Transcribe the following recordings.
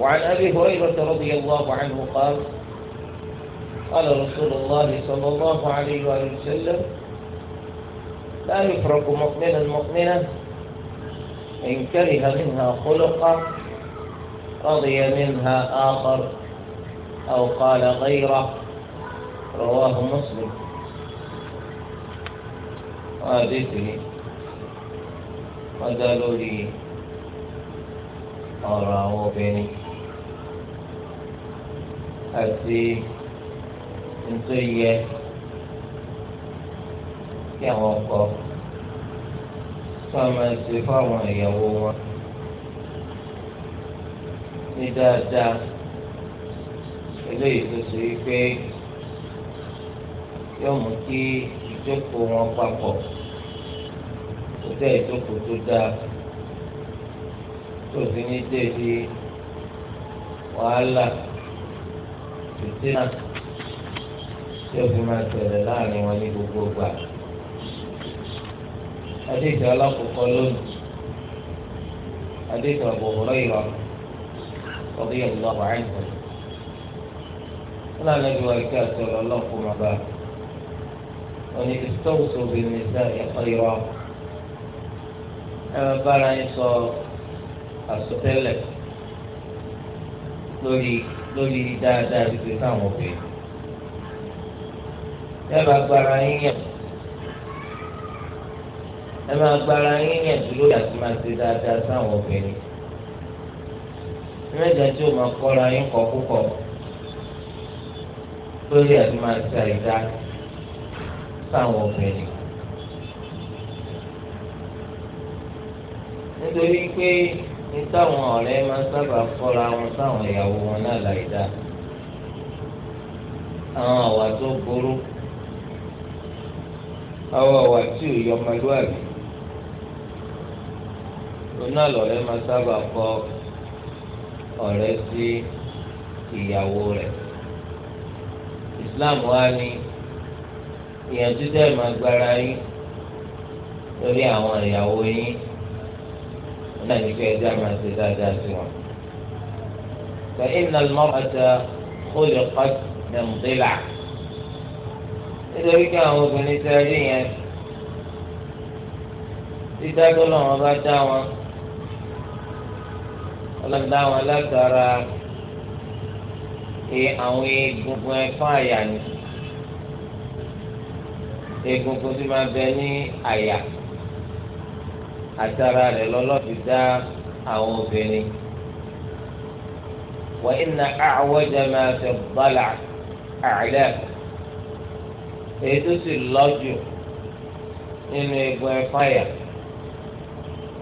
وعن أبي هريرة رضي الله عنه قال قال رسول الله صلى الله عليه وآله وسلم لا يفرق مؤمنا مؤمنا إن كره منها خلقا رضي منها آخر أو قال غيره رواه مسلم wọn àdéhùn yìí wọn dá lórí ọ̀rọ̀ àwọn obìnrin àti nítorí kí àwọn ọkọ fún ẹsẹ fún ìyàwó wọn ní dáadáa eléyìí tó ṣe wípé yóò mú kí ìjókòó wọn papọ̀ kò tẹ́ ìjókòó tó dáa tó fi ní débi wàhálà fìtínà tí o fi máa tẹ̀lé láàrin wọn ní gbogbo gbà. Adéjọ́ alákòókò lónìí. Adéjọ́ Abu Hurayra radiyallahu anhu. Wọ́n lànà bí wọ́n ike àtọ̀rọ̀ ọlọ́kùnrin bá. Wọ́n ní ìsọ́wọ́sọ bí nìsa ẹ̀kọ́ ìrọ̀ bára yín sọ àsọtẹ́lẹ̀ lórí lórí dáadáa bíi pé káwọn obìnrin ẹ máa gbára yín yẹn ẹ máa gbára yín yẹn dúró àti máa ṣe dáadáa sáwọn obìnrin mẹ́jọ tí o máa kọ́ra yín kọ́ púpọ̀ lórí àti máa ṣe àìdá sáwọn obìnrin. nítorí pé ní táwọn ọ̀rẹ́ máa ń sábà fọ́ra wọn sáwọn ìyàwó wọn náà láì dáa àwọn àwà tó burú àwọn àwà tí ò yọ ọmọlúwàbí lónà lọ́rẹ́ máa sábà kọ ọ̀rẹ́ sí ìyàwó rẹ̀ Islam wa ni ìyànjú tẹ́ máa gbára yín lórí àwọn ìyàwó yín náà ní pé ẹja máa ṣe dáadáa sí wọn. fa inna al-mar'ata khuliqat min dila' nítorí pé àwọn obìnrin ti rí yẹn dídá tó lọ́wọ́ bá dá wọn ọlọ́dá wọn látara àwọn egungun ẹ̀fọ́ àyà ni egungun tí máa bẹ ní àyà àtàrà rẹ̀ lọ́lọ́ dá àwọn obìnrin wà iná àwọjà máa fi bọ́là àlẹ́ èyí tó sì lọ́jù nínú egbò ẹ̀fáyà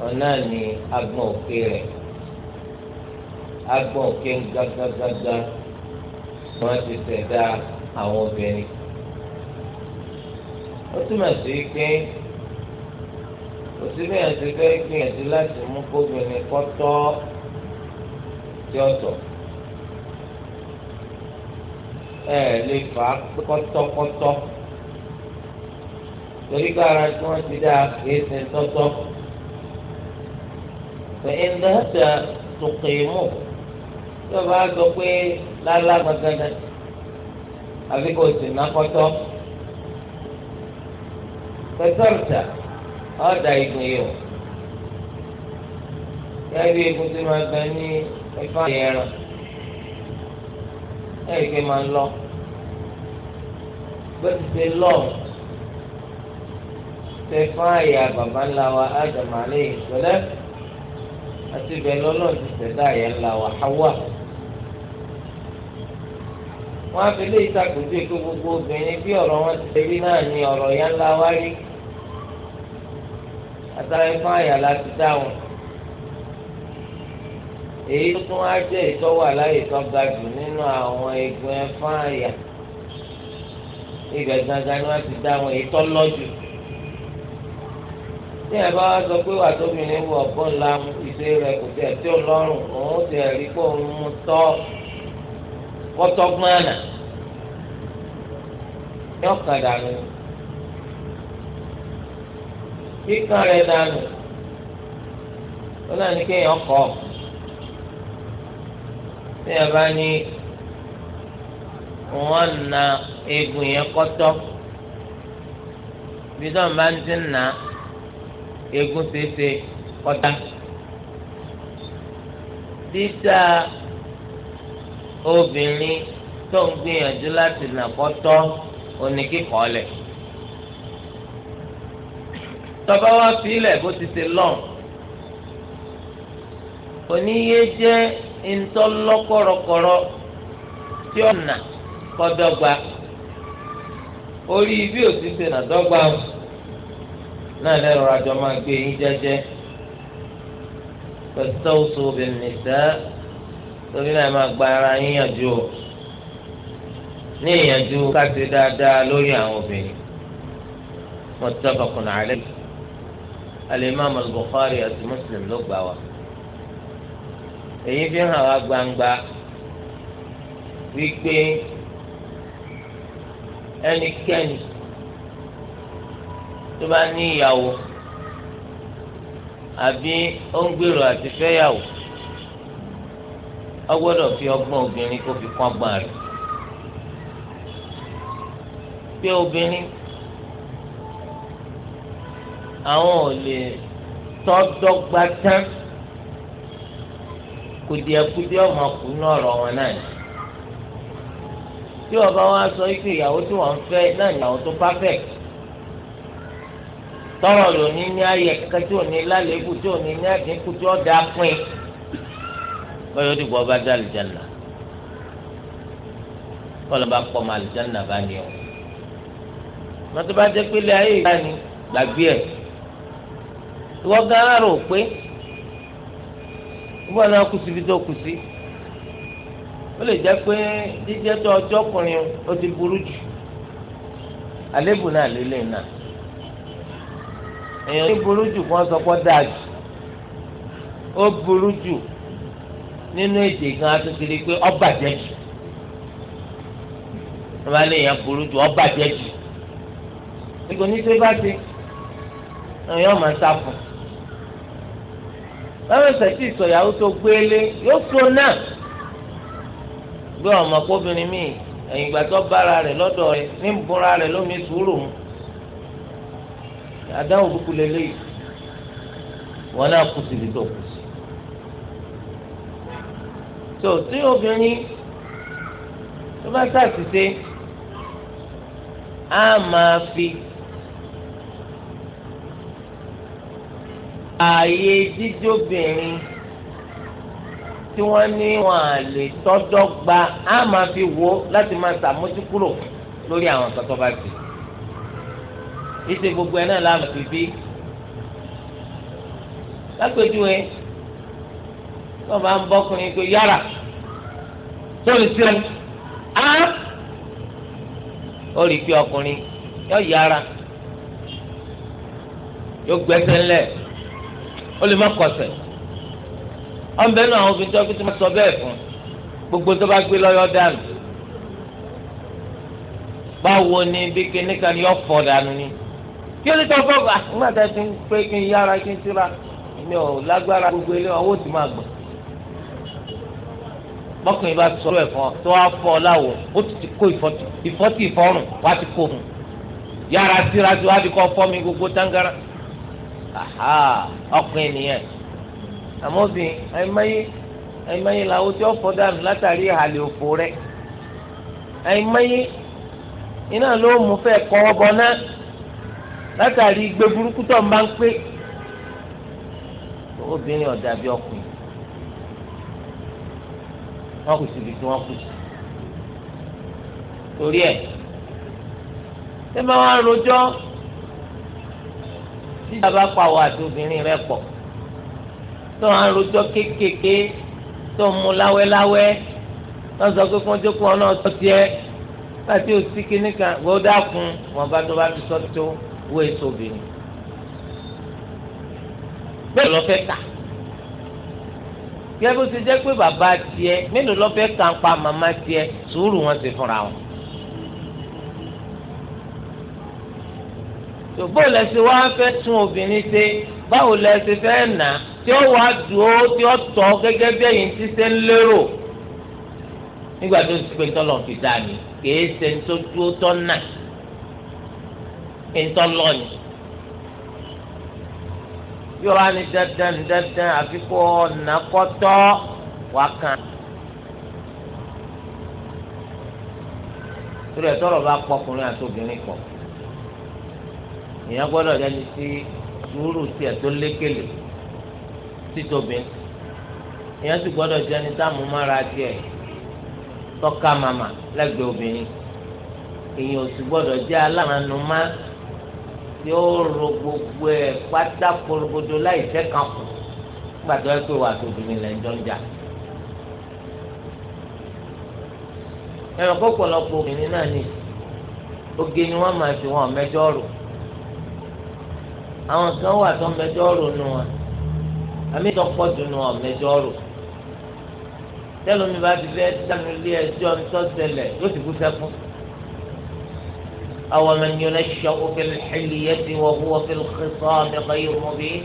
ọ̀nà ni agbọ̀n òkè rẹ̀ agbọ̀n òkè ń gágágágá wọ́n ti ṣẹ̀dá àwọn obìnrin ó túmọ̀ sí pé kò sí bí ẹ̀sìn fẹ́ gbìyànjú láti mú kóbìnrin kọ́tọ́ tí ọ̀tọ̀ ẹ̀ lè fà á kọ́tọ́kọ́tọ́ torí kára tí wọ́n ti dáa kìí ṣe tọ́tọ́ fẹ̀yìn dáhàtà tòkè mú tí wọ́n bá sọ pé lálá gbàgádà sì ná kọ́tọ́ pẹ̀tọ́rìtà ọ̀dà igun yìí o yẹ́n bí egun tí máa gbẹ ní ẹ̀fà ẹran ẹ̀rì pé máa ń lọ gbẹ́sì ṣe lọ ṣe fún àyà bàbá ńlá wa ádámù aláyhi sọlẹ́ àti bẹ́ẹ̀ lọ́nà ti ṣẹ̀dá àyà ńlá wa Háwà wọ́n á fi lé ìtàkùn sí gbogbo obìnrin bí ọ̀rọ̀ wọn ti ṣe rí náà ni ọ̀rọ̀ yá ńlá wa rí àtàwọn ẹ̀fọn àyàlá ti dá wọn èyí tó tún á jẹ́ ìtọ́wà láyè tó ga jù nínú àwọn egun ẹ̀fọn àyà ibẹ̀ gangan ni wọ́n ti dá wọn èyí tó lọ́jù tí ẹ bá sọ pé wà tó mi ní wọ ọgbọ́n ńlá ìṣe rẹ kò tẹ̀ tí ò lọ́rùn òun ti rí pé òun mú tọ́ kọ́tọ́gbọ́n àná yọ̀ọ̀kan dànù ni. kíkan rẹ̀ dànù ó náà ní kéèyàn kọ́ téèyàn bá ní wọ́n na eegun yẹn kọ́tọ́ bí bá ń ti nà ṣeéṣe obìnrin tó ń gbìyànjú láti nà kọ́tọ́ oníkíkọ́ tọba wa filẹ̀ bó ti ṣe lọ́n oníyé jẹ́ ntọ́lọ́kọ̀rọ̀kọ̀rọ̀ tí ó nà kọ́dọ́gba orí bí òsì ṣe nà dọ́gba náà lẹ́rọ àjọ máa gbé yín jẹ́jẹ́ pẹ̀sítọ́wùsọ obìnrin sẹ́ torí náà máa gba ara yín yànjú o ní ìyànjú ká ṣe dáadáa lórí àwọn obìnrin muttafaqun alayhi alimami al-Bukhari àti Muslim ló gbà wá èyí fi hàn wá gbangba wípé ẹnikẹ́ni tó bá ní ìyàwó àbí ó ń gbèrò àti fẹ́yàwó ó gbọ́dọ̀ fi ọgbọ́n obìnrin kó fi kọ́ ọgbọ́n rẹ̀ pé obìnrin àwọn ò lè tọ́dọ́gba tán kùdìẹ̀kùdìẹ̀ ọmọ kù ní ọ̀rọ̀ wọn náà ni tí ọba wa sọ pé ìyàwó tí wọ́n fẹ́ náà ìyàwó tó perfect tọrọ lóní ní ayẹ kẹkẹ tí ò ní lálébù tí ò ní ní àdínkù tí ó dáa pín báyọ̀ dìbò ọba dá àlùjáná kọlọ bá pọ̀ mọ́ àlùjáná bá ní ọ mọ́tò bá jẹ́ pé ilé ayé ìgbà ni gbàgbé ẹ̀. ìwọ gan ara ò pé ìwọ náà kù síbi tó kù sí ó lè jẹ́ pé jíjẹ́ tó ọjọ́ na ó ti burú jù àlébù náà lélẹ̀ náà èèyàn ní burú jù kó sọ pé dáa jù ó burú jù nínú èdè gan atukiri pé ọba jù burú jù lọ́rọ̀sẹ̀ tí ìsọ̀yàwó tó gbélé yóò tó náà gbé ọmọ kóbìnrin míì ẹ̀yìn ìgbà tó bára rẹ̀ lọ́dọ̀ rẹ̀ ní ìbúra rẹ̀ lómi sùúrù mu adáwò kúkú lélẹ́yìí wọn náà kú síbi tó kù sí. tó tí obìnrin tó bá ṣàṣìṣe á máa fi ààyè jíjóbìnrin tí wọ́n ní wọn à lè tọ́jọ́ gba á máa fi wo láti máa ṣàmójúkúrò lórí àwọn nǹkan tó bá ti. ìṣe gbogbo ẹ̀ náà láàmú fi bí. lápèjúwe tó bá ń bọ́kùnrin pé yára tó lè sílẹ̀ á ó rí i pé ọkùnrin yóò yára yóò gbẹ́sẹ̀ ńlẹ̀ ó lè má kọsẹ̀ ọ̀nbẹ náà àwọn obìnrin tó kí tó máa sọ bẹ́ẹ̀ fún gbogbo tó bá gbé lọ́yọ́ dànù báwo ni bí kíní kan yọ fọ́ dànù ni kí ó lè tọ́ fọ́ bá ah, nígbà tá a ti ń pé kí n yára kí n tura mi ò lágbára gbogbo ilé ọwọ́ ti máa gbọ̀n bọ́kùnrin bá sọ̀rọ̀ ẹ̀fọn tó wá fọ́ ọ ó ti kó ìfọ́tì ìfọ́rùn wá ti kó fún yàrá síra tí wàá fi kọ́ fọ́ mi gbogbo táǹgárá. aha ọkùnrin nìyẹn àmọ́ bí ẹ̀mẹ́yé làwọn tí ó látàrí ìhàlẹ̀ òfò iná ló mú fẹ́ kọ́ náà látàrí burúkú tó ń bá ń pé obìnrin ọ̀dà bíi ọkùnrin wọ́n kù síbi tí wọ́n kù sí torí ẹ̀ ṣé tíjà bá pa àwọn àti obìnrin rẹ pọ̀ tó ń rojọ́ kéékèèké tó ń mu láwẹ́láwẹ́ tó ń sọ pé kó ń jókòó ọ náà tó tiẹ̀ láti òsì kínní kan wọ́n dákun wọn bá tó bá ti sọ tó wọ èso obìnrin bẹ́ẹ̀ lọ fẹ́ kà kí ẹ bó ti jẹ́ pé bàbá tiẹ̀ mélòó lọ fẹ́ kà ń pa màmá tiẹ̀ sùúrù wọn ti fúnra wọn. tòbó lẹ́sẹ̀ wá fẹ́ tún obìnrin ṣe báwo lẹ́sẹ̀ fẹ́ nà tí ó wàá dùn ó tí ó tọ́ gẹ́gẹ́ bí ẹ̀yin ti ṣe ń lérò nígbà tó ti pé tọ́lọ̀ fi dá mi kìí ṣe tó dúró tọ́ nà ńtọ́ lọ́ọ̀nì yóò wá ní dandan dandan àfikún ọ̀nà kọ́tọ́ wà kàn. torí ẹ̀ tọ́lọ̀ bá pọkùnrin àti obìnrin pọ̀ èèyàn gbọ́dọ̀ dẹni sí sùúrù tiẹ̀ tó lékele títóbi èèyàn sì gbọ́dọ̀ dẹni sáàmù mára tiẹ̀ tọ́ka màmá lẹ́gbẹ̀ẹ́ obìnrin èèyàn sì gbọ́dọ̀ jẹ́ aláranumá tí ó ro gbogbo ẹ̀ pátá porogodo láì fẹ́ kan kù gbàtọ́ ẹ pé wà tó obìnrin lẹ́ ń ń jà. ẹ̀rọ kọ́pọ̀lọpọ̀ obìnrin náà ni oge ni wọ́n máa fi wọn mẹ́jọ rò àwọn kan wà tó mẹjọ rò nù wọn àmì tó pọ̀ jù nù wọn mẹjọ rò tẹlomi bá ti fẹ́ dànù ilé ẹjọ́ ntọ́sẹlẹ̀ yóò ti kú sẹ́kún. أو من ينشأ في الحلية وهو في الخصام غير مبين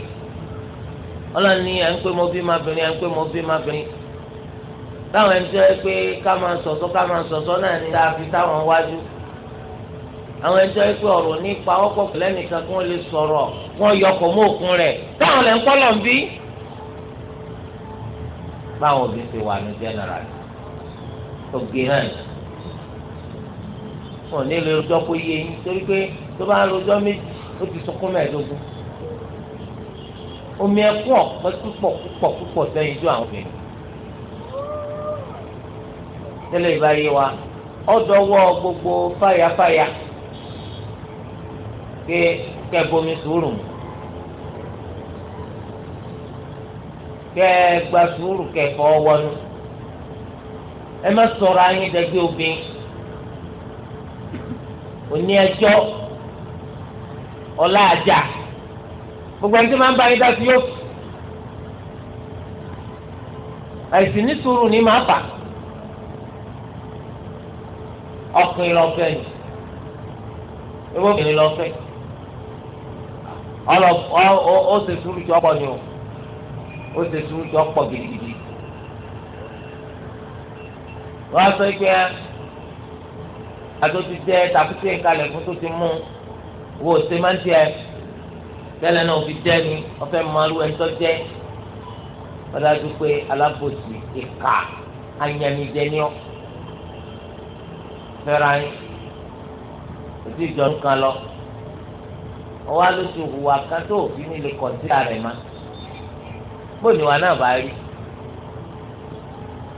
ọlọ́run ní à ń pé mo bí máa bìnrin à ń pé mo bí máa bìnrin táwọn ẹni tó yẹ pé ká máa sọ̀tọ̀ ká máa sọ̀tọ̀ náà ní tá fi táwọn wájú àwọn ẹjọ́ yìí pé ọ̀rọ̀ nípa ọ̀pọ̀ lẹ́nìkan kí wọ́n lè sọ̀rọ̀ wọ́n yọkọ̀ mọ́ òkun rẹ̀ táwọn lẹ́ ń kọ́ lọ́n bí. báwọn òbí ṣe wà ní general oge hàn wọn ní lè rojọ́ kó yé yín torí pé tó bá ń rojọ́ méjì ó ti sunkún mẹ́ẹ̀ẹ́dógún omi ẹkún ọ̀pẹ púpọ̀ púpọ̀ púpọ̀ sẹ́yìn ju àwọn obìnrin tẹ́lẹ̀ ìbáyé wa ọ̀dọ́wọ́ gbogbo fàyàfàyà pé kẹ́ bomi sùúrù mu kẹ́ gba sùúrù kẹ́ fọ́ wọnú ẹ má sọ̀rọ̀ ayé dẹ́gbẹ́ obìnrin òní ẹjọ́ ọ̀la àjà gbogbo ẹni tí máa ń bá yín dá sí yóò àìsí ní sùúrù ní máa fà ọkùnrin lọ́fẹ́ ni ewébìnrin lọ́fẹ́ yìí ọlọ ọ ṣe sùúrù tí ọ̀pọ̀ ni o ó ṣe sùúrù tí ọ̀pọ̀ gidigidi wọn á sọ pé àtúntì jẹ tàbítì ìkàlẹ fún tó ti mú wo ṣe máa ń jẹ tẹ́lẹ̀ náà fi jẹ ni ọfẹ mọlú ẹjọ jẹ wọn dájú pé alábòsí ìka ayanijẹ ni ọ fẹ́ràn yín òtí ìjọ ń kan lọ ọwọ́ alóṣù hùwà kan tó òfin ní ilé kọ̀ǹtínà rẹ̀ ma bó ni wà náà bá rí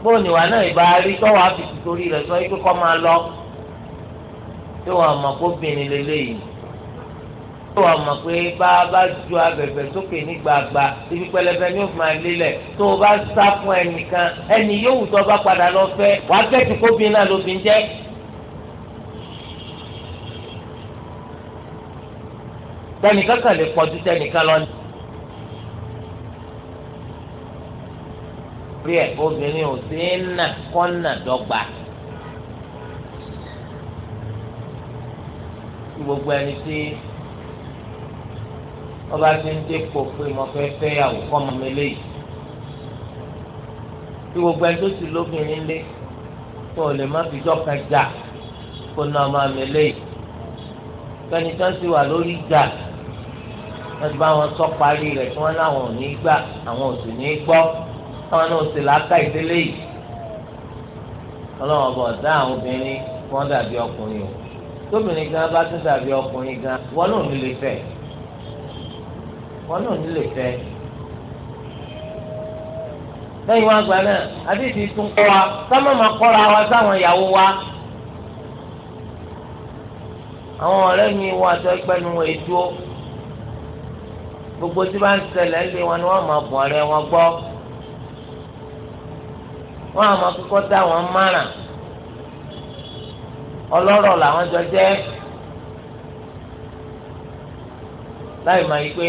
bó ni wà náà ìbá rí tọ́wọ́ àfìsí torí rẹ̀ sọ pé kọ́ máa lọ tí wọ́n mọ̀ kó bìnrin lélẹ́yìn tí wọ́n mọ̀ pé bá a bá ju abẹ̀bẹ̀ sókè ní gbàgbà ibi pẹlẹbẹ ni ó fi máa lélẹ̀ tó o bá sá fún ẹnìkan ẹnì yóò wù tó o bá padà lọ fẹ́ wàá kẹ́tù kóbìnrin náà lóbi ń jẹ́ tẹnìkan kan lè pọ̀jù tẹnìkan lọ. rí ẹ obìnrin ò sí nà kọ́nà dọ́gba. gbogbo ẹni tí wọ́n bá ti ń dépò pé mo fẹ́ fẹ́ àwòkọ́ mọ́ mi léyìí. tí gbogbo ẹni tó sì lóbìnrin lé tó lè má fi dọ́kan jà kó náà máa mi léyìí. kẹ́ni tó sì wà lórí jà wọ́n ti bá wọn sọ parí rẹ̀ tí wọ́n láwọn ò ní gbà àwọn ò sì ní gbọ́ táwọn náà sì láká ìdílé yìí ọlọ́wọ́n bọ̀ dá àwọn obìnrin wọ́n dàbí ọkùnrin o tóbìnrin gan bá tún dàbí ọkùnrin gan wọn náà ní lè fẹ́ wọn náà ní lè fẹ́ lẹ́yìn wá gba náà àdéhìí tún kọ́ wa sámọ́ máa kọ́ra wa sáwọn ìyàwó wa àwọn ọ̀rẹ́ mi wọ àtọ́ ẹgbẹ́ nu wọn ètò gbogbo tí bá ń ṣẹlẹ̀ ńlẹ̀ wọn ni wọ́n máa bọ̀ ọ̀rẹ́ wọn gbọ́ wọ́n á máa kọ́kọ́ dá wọn márùn ọlọ́rọ̀ làwọn jọ jẹ́ láì máa yí pé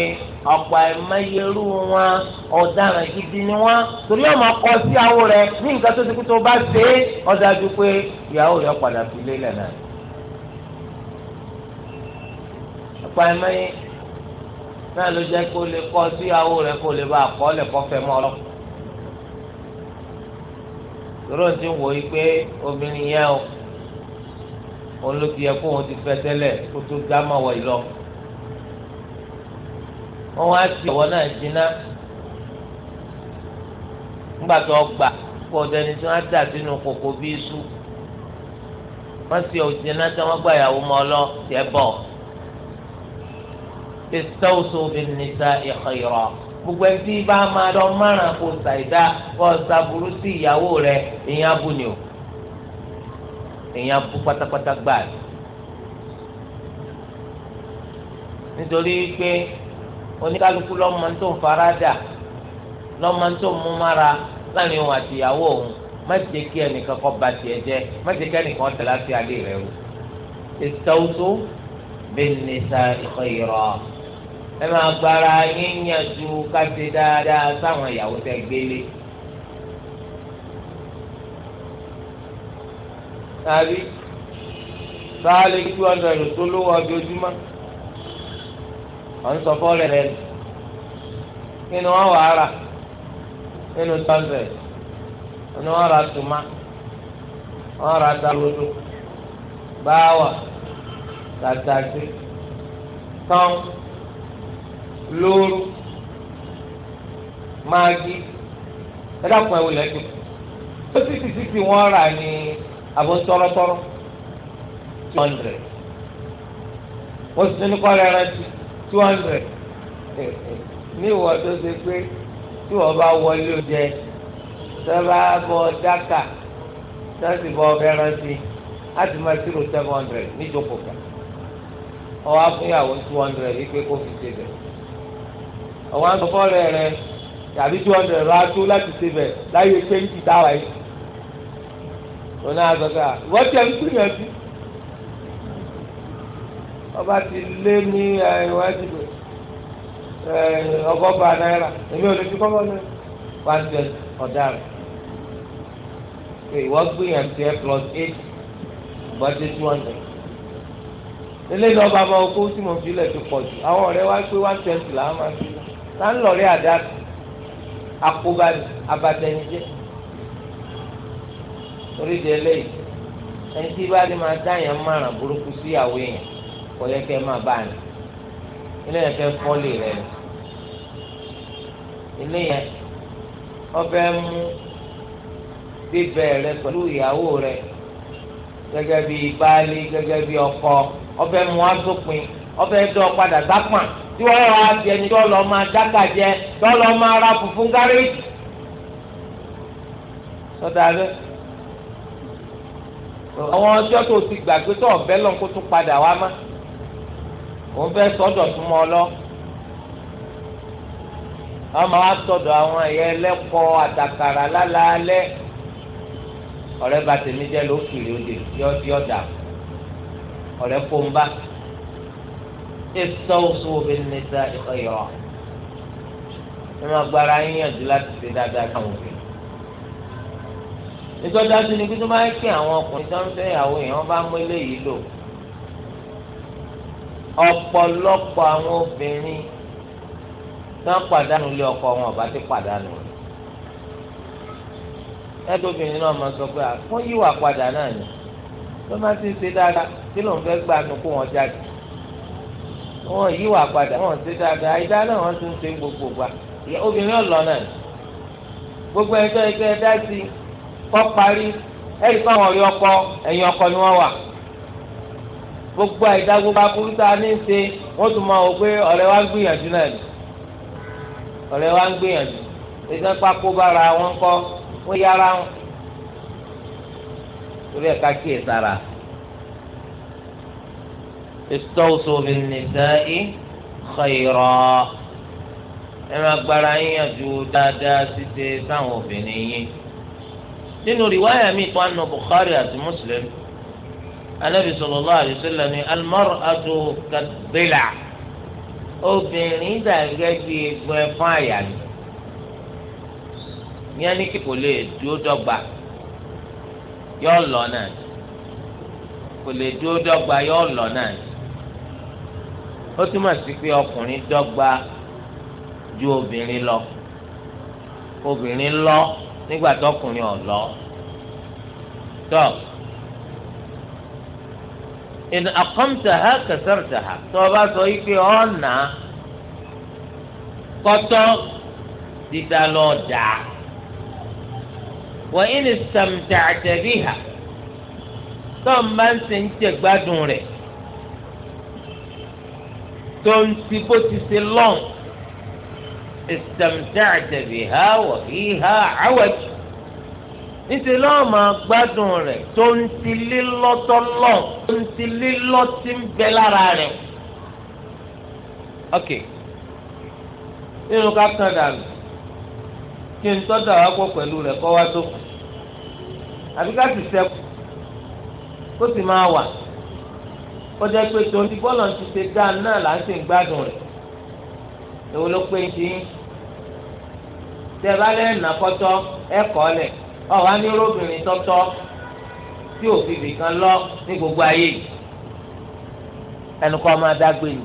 ọ̀pọ̀ àìmọyerú wọn ọ̀daràn gidi ni wọn torí ọmọ ọkọ síyàwó rẹ ní nǹkan tó ti kú tó bá ṣe é ọ̀dájú pé ìyàwó rẹ padà fi lélẹ̀ náà ọ̀pọ̀ àìmọye náà ló jẹ́ kó lè kọ́ síyàwó rẹ̀ kó lè bá àkọ́ lẹ̀ kọ́ fẹ́ mọ́ ọ lọ́kùn. tòró ti wò yí pé obìnrin yẹn o òun ló ti yẹ kó òun ti fẹ́ tẹ́lẹ̀ kó tó dá mọ́ wọ̀ yìí lọ. wọ́n wá ti ọ̀wọ́ náà jiná nígbà tó gbà kó ọ̀dọ̀ ẹni tí wọ́n dà sínú kòkó bí iṣu wọ́n ti ọ̀jìnà tí wọ́n gbà yàwó mọ́ ọ lọ tẹ́ bọ̀ istawusu bin nisa'i khayra gbogbo ẹni tí bá máa lọ márùn kó ṣàìdá kó ṣàbùrú sí ìyàwó rẹ ìyẹn abú ni o ìyẹn abú pátápátá gbà ní. nítorí pé oníkálukú lọ́mọ tó ń faradà lọ́mọ tó ń mú mára láàrin òun àti ìyàwó òun má jẹ́ kí ẹnìkan kó ba tiẹ̀ jẹ́ má jẹ́ kí ẹnìkan tẹ̀lé àti àlè rẹ̀ o. istawusu bin nisa'i ẹ máa gbára yín yànjú káṣe dáadáa sáwọn ìyàwó tẹ gbélé. tàbí sáálé two hundred tó lówó ọjọ́júmọ́ ọ̀n sọ fọ́ọ̀rẹ́ rẹ̀ nínú wọn wà á rà nínú rà tùmá wọn rà báwà tán. lóru máàgì ẹ̀dàkùn ẹ̀wò lẹ́jọ́ ó sì sì sì sì wọ́n rà ní àbọ̀ tọ́rọ́tọ́rọ́ two hundred wọ́n sì ní kọ́lẹ̀ rántí two hundred ní ìwọ tó ṣe pé tí wọ́n bá wọlé oúnjẹ sábà bọ́ dáka sáàsì bọ́ ọbẹ̀ rántí láti máa ṣírò seven hundred níjókòó kan ọwọ́ á fún ìyàwó two hundred yìí pé kó fi ṣe bẹ̀rẹ̀ àwọn àtọ̀fọ́rẹ́ rẹ tàbí tí wọ́n dẹ̀rọ ató láti ṣe bẹ̀ láyé péńtì táwa yìí wọn náà sọ pé wọ́n ti ẹni pínyà sí ọba ti lé ní ìwádìí ọgọ́fà náírà èmi ò lè fi kọ́kọ́ náírà one twenty ọ̀daràn ìwọ́n gbìyànjú ẹ plus eight bọ́dé two hundred eléyìí lọ́ba ọmọ okó tí mo fi lẹ̀ ti pọ̀ jù àwọn ọ̀rẹ́ wa pé one twenty là á máa fi lọ. tá ń lọrí àdá àkóbá abatẹnijẹ torí di eléyìí ẹni tí bá dé máa dá yẹn márùn burúkú sí ìyàwó yẹn kò yẹ kẹ́ máa bá ní ilé yẹn fẹ́ fọ́lì rẹ̀ ni ilé yẹn ọbẹ̀ mú bíbẹ̀ rẹ ìyàwó rẹ bí baálé bí ọkọ ọbẹ̀ mú asopin ọbẹ̀ dọ̀ padà tí wọ́n wá di ẹni tí wọ́n lọ máa dáka jẹ tí wọ́n lọ máa ra funfun gárí. sọdá rẹ àwọn ọjọ́ tó ti gbàgbé tó ọ̀bẹ lọ́n kó tó padà wá má òun fẹ́ sọ́dọ̀ tún mọ́ ọ lọ. istawsu bin nisa'i khayra ẹ máa gbára yín yànjú láti ṣe dáadáa káwọn òbí ìtọ́jáde ni pípẹ́ máa ń kí àwọn ọkùnrin tó ń fẹ́ ìyàwó yẹn wọ́n bá mú eléyìí lò ọ̀pọ̀lọpọ̀ àwọn obìnrin tó ń pàdánù lé ọkọ wọn ọba ti pàdánù ẹgbẹ́ obìnrin náà máa sọ pé àfún yíwà padà náà ni tó máa ti ṣe dáadáa tí lòun fẹ́ gbà nù kó wọn jáde wọn yí wà padà wọn ṣe dáadáa ìdá náà wọn tún ṣe gbogbo gba obìnrin ọ̀lọ́ náà gbogbo ẹjọ́ ẹgbẹ́ ẹ̀dá ti kọ parí ẹ̀rí fáwọn ọ̀rẹ́ ọkọ ọkọ ni wọn wà gbogbo àìdá gbogbo aburú tá a ní tún máa wò pé wa ń gbìyànjú náà ni wa ń gbìyànjú pákó bára wọn istawusu bin nisa'i khayra ẹ máa gbára yín àjò dáadáa ṣíṣe sáwọn obìnrin yín nínú riwaya mi tó ànà Bukhari àti Muslim anabi sallallahu alaihi wasallam ni almar'atu kadila obìnrin dàgẹ́ bí egbò ẹ̀fọn àyà ni yẹn ní kí kò lè dúró dọ́gba yọ lọ náà kò lè dúró dọ́gba yọ lọ náà ni ó túmọ̀ sí pé ọkùnrin dọ́gba ju obìnrin lọ obìnrin lọ nígbà tọkùnrin ò lọ tọ́ in aqamtaha kasartaha tó o bá sọ wípé ọ̀nà kọ́tọ́ dídá lọ dáa wa in istamta'ta tó o máa ń sè gbádùn rẹ̀ tó ń ti bó ti ṣe lọ́n istamta'ta biha wa fiha 'awaj níṣẹ́ lọ́wọ́ máa gbádùn rẹ̀ tó ń ti lílọ́tọ́ lọ́n tó ń ti lílọ́tí ń bẹ lára rẹ̀. ok nínú ká kàn dànù kí n tọ́jà wá pọ̀ pẹ̀lú rẹ̀ kọ́ wá tó àbí ká sẹ́kù kó sì máa wà ó jẹ́ pé tó ń di bọ́ọ̀lù ti ṣe dáa náà là ń ṣe ń gbádùn rẹ̀ èwo ló pé ti ń tẹ bá lẹ́yìn nà kọ́tọ́ ẹ kọ́ lẹ̀ ọ̀wá ní olóbìnrin tọ́tọ́ tí òfin nìkan lọ ní gbogbo ayé ẹnu kọ́ máa dágbé ni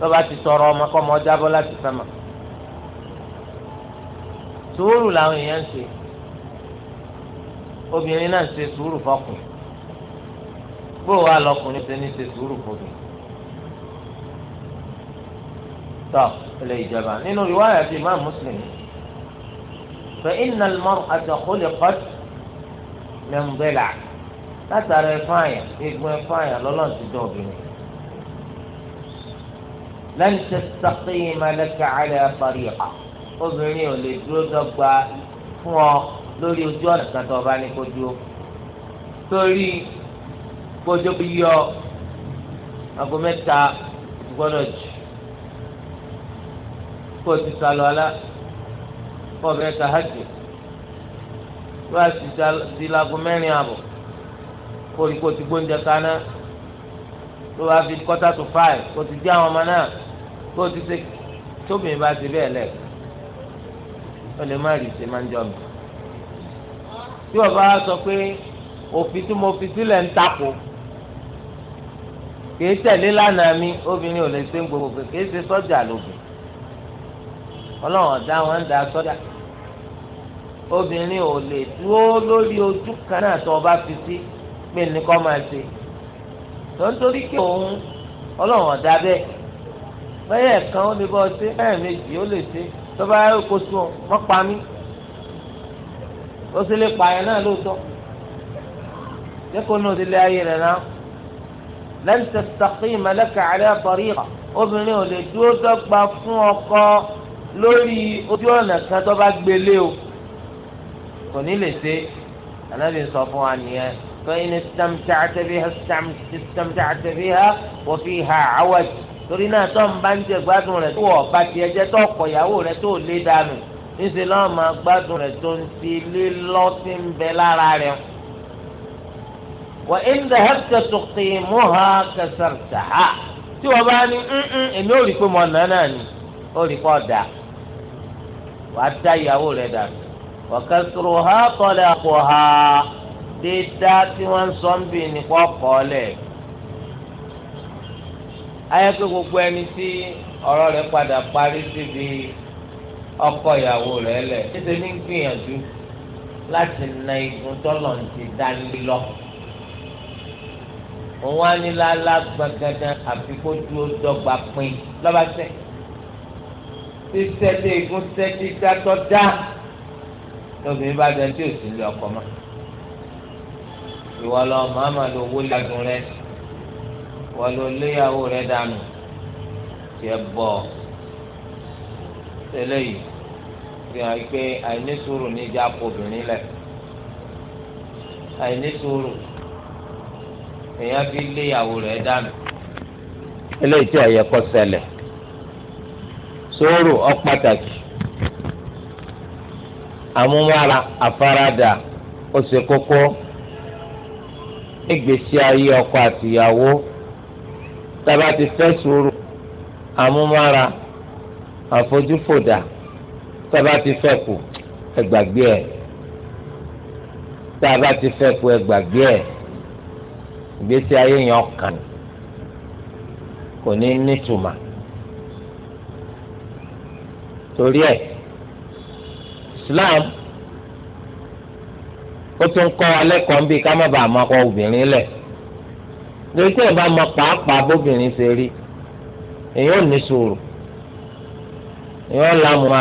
lọ́ba ti sọ̀rọ̀ ọmọ kọ́ máa jábọ́ láti sánmà sùúrù làwọn èèyàn ń ṣe obìnrin náà ń ṣe sùúrù fọkùnrin bó wa lọkùnrin ṣe ní ṣe sùúrù fòdù tọ ilé ìjọba nínú riwaya ti Imam Muslim fa inna al-mar'ata khuliqat min dila' látara ẹfáàyà egun ẹfáàyà lọ́lọ́run ti dán obìnrin lan tastaqima laka ala tariqa obìnrin ò lè dúró dọ́gba fún ọ lórí ojú ọ̀nà kan tó o ní kó dúró torí kójú bí yọ aago mẹ́ta gbọ́dọ̀ jù kó o ti sàlọ̀ alá kó o fẹ́ tahajù kó o ti di laago mẹ́rin àbọ̀ kó o rí kó o ti gbóúnjẹ kaná kó o bá fi kọ́tà tó fáì kó o ti dí àwọn ọmọ náà kó o ti ṣe tóbìnrin bá ti bẹ́ẹ̀ lẹ̀ o lè má rí ṣe máa ń jọ mi tí o bá sọ pé òfin tí mo fi sílẹ̀ ń takò kìí tẹ̀lé lánàá mi obìnrin ò lè ṣe ń gbogbo pé kìí ṣe sọ́jà lóbìn ọlọ́run ọ̀dá wọn ń da sọ́jà obìnrin ò lè dúró lórí ojú kan náà tó o bá fi sí pé ní kọ́ máa ṣe tó ń torí kí òun ọlọ́run ọ̀dá bẹ́ẹ̀ bẹ́ẹ̀ kan ó lè bọ́ ṣe bẹ́ẹ̀ méjì ó lè ṣe tó bá yẹ kó sùn mọ́ pa mí ó sì lè pààyàn náà lóòótọ́ jẹ́ kó náà ti lé ayé rẹ̀ náà lan tastaqima laka ala tariqa obìnrin ò lè dúró dọ́gba fún ọkọ lórí ojú ọ̀nà kan tó bá gbélé o kò ní lè ṣe ànábì sọ fún wa nìyẹn fẹ́yìn ní istamta'ta biha istamta'ta biha wa fiha 'awaj torí náà tó ń bá ń jẹ gbádùn rẹ̀ tó wọ̀ bá tiẹ̀ jẹ́ tó ọkọ ìyàwó rẹ̀ tó lé dànù níṣẹ́ lọ́ọ́ gbádùn rẹ̀ tó ń ti lé lọ́ọ́ sí ń bẹ lára rẹ̀ wà ń dàhẹ́tẹ̀ tòkè mọ́ha kẹsàrìtà ha tí wọ́n bá ní nnn èmi ò rí pé mo nà náà ni ó rí pé ọ̀dà wàá dá ìyàwó rẹ̀ dànù wà kẹsàrò ha tọ́lẹ̀ àpò ha dídá tí wọ́n sọ ń bì ní kọ́kọ́ lẹ̀ ayé gbogbo ẹni tí ọ̀rọ̀ rẹ̀ padà parí síbi ọkọ ìyàwó rẹ̀ lẹ̀ ṣe ní gbìyànjú láti na igun tọ́lọ̀ ti dá lílọ́ òun á ní lálá gbàgàdàn àfi kó dúró dọ́gba pin lọ́ba sẹ́ sísẹ́ tó igun sẹ́ dídá tó dá lóbìnrin bá dẹ tí ò sí lé ọkọ mọ́ ìwọ lọ màmá ló wó ládùn rẹ ìwọ ló léyàwó rẹ dànù tiẹ̀ bọ̀ tẹ́lẹ̀ yìí fi hàn pé àìní sùúrù níjà kó obìnrin lẹ̀ àìní sùúrù èèyàn fi lé ìyàwó rẹ̀ dànù. eléyìí tí ọ̀yẹ́ kọ́ ṣẹlẹ̀ sóòrò ọ́ pàtàkì àmúmára àfaradà ó ṣe kókó ìgbésí ayé ọkọ àtìyàwó tába ti fẹ́ sùúrù àmúmára àfojúfòdà tába ti fẹ́ kù ẹgbàgbé ẹ̀ tába ti fẹ́ kù ẹgbàgbé ẹ̀ ìgbésí ayé yẹn ọkàn kò ní nítumà torí ẹ Islam ó tún kọ́ alẹ́kọ̀ọ́ ń bí ká má bàa máa kọ obìnrin lẹ̀ lórí tí èèyàn bá mọ pàápàá bóbìnrin ṣe rí èèyàn ò ní sùúrù èèyàn lámúra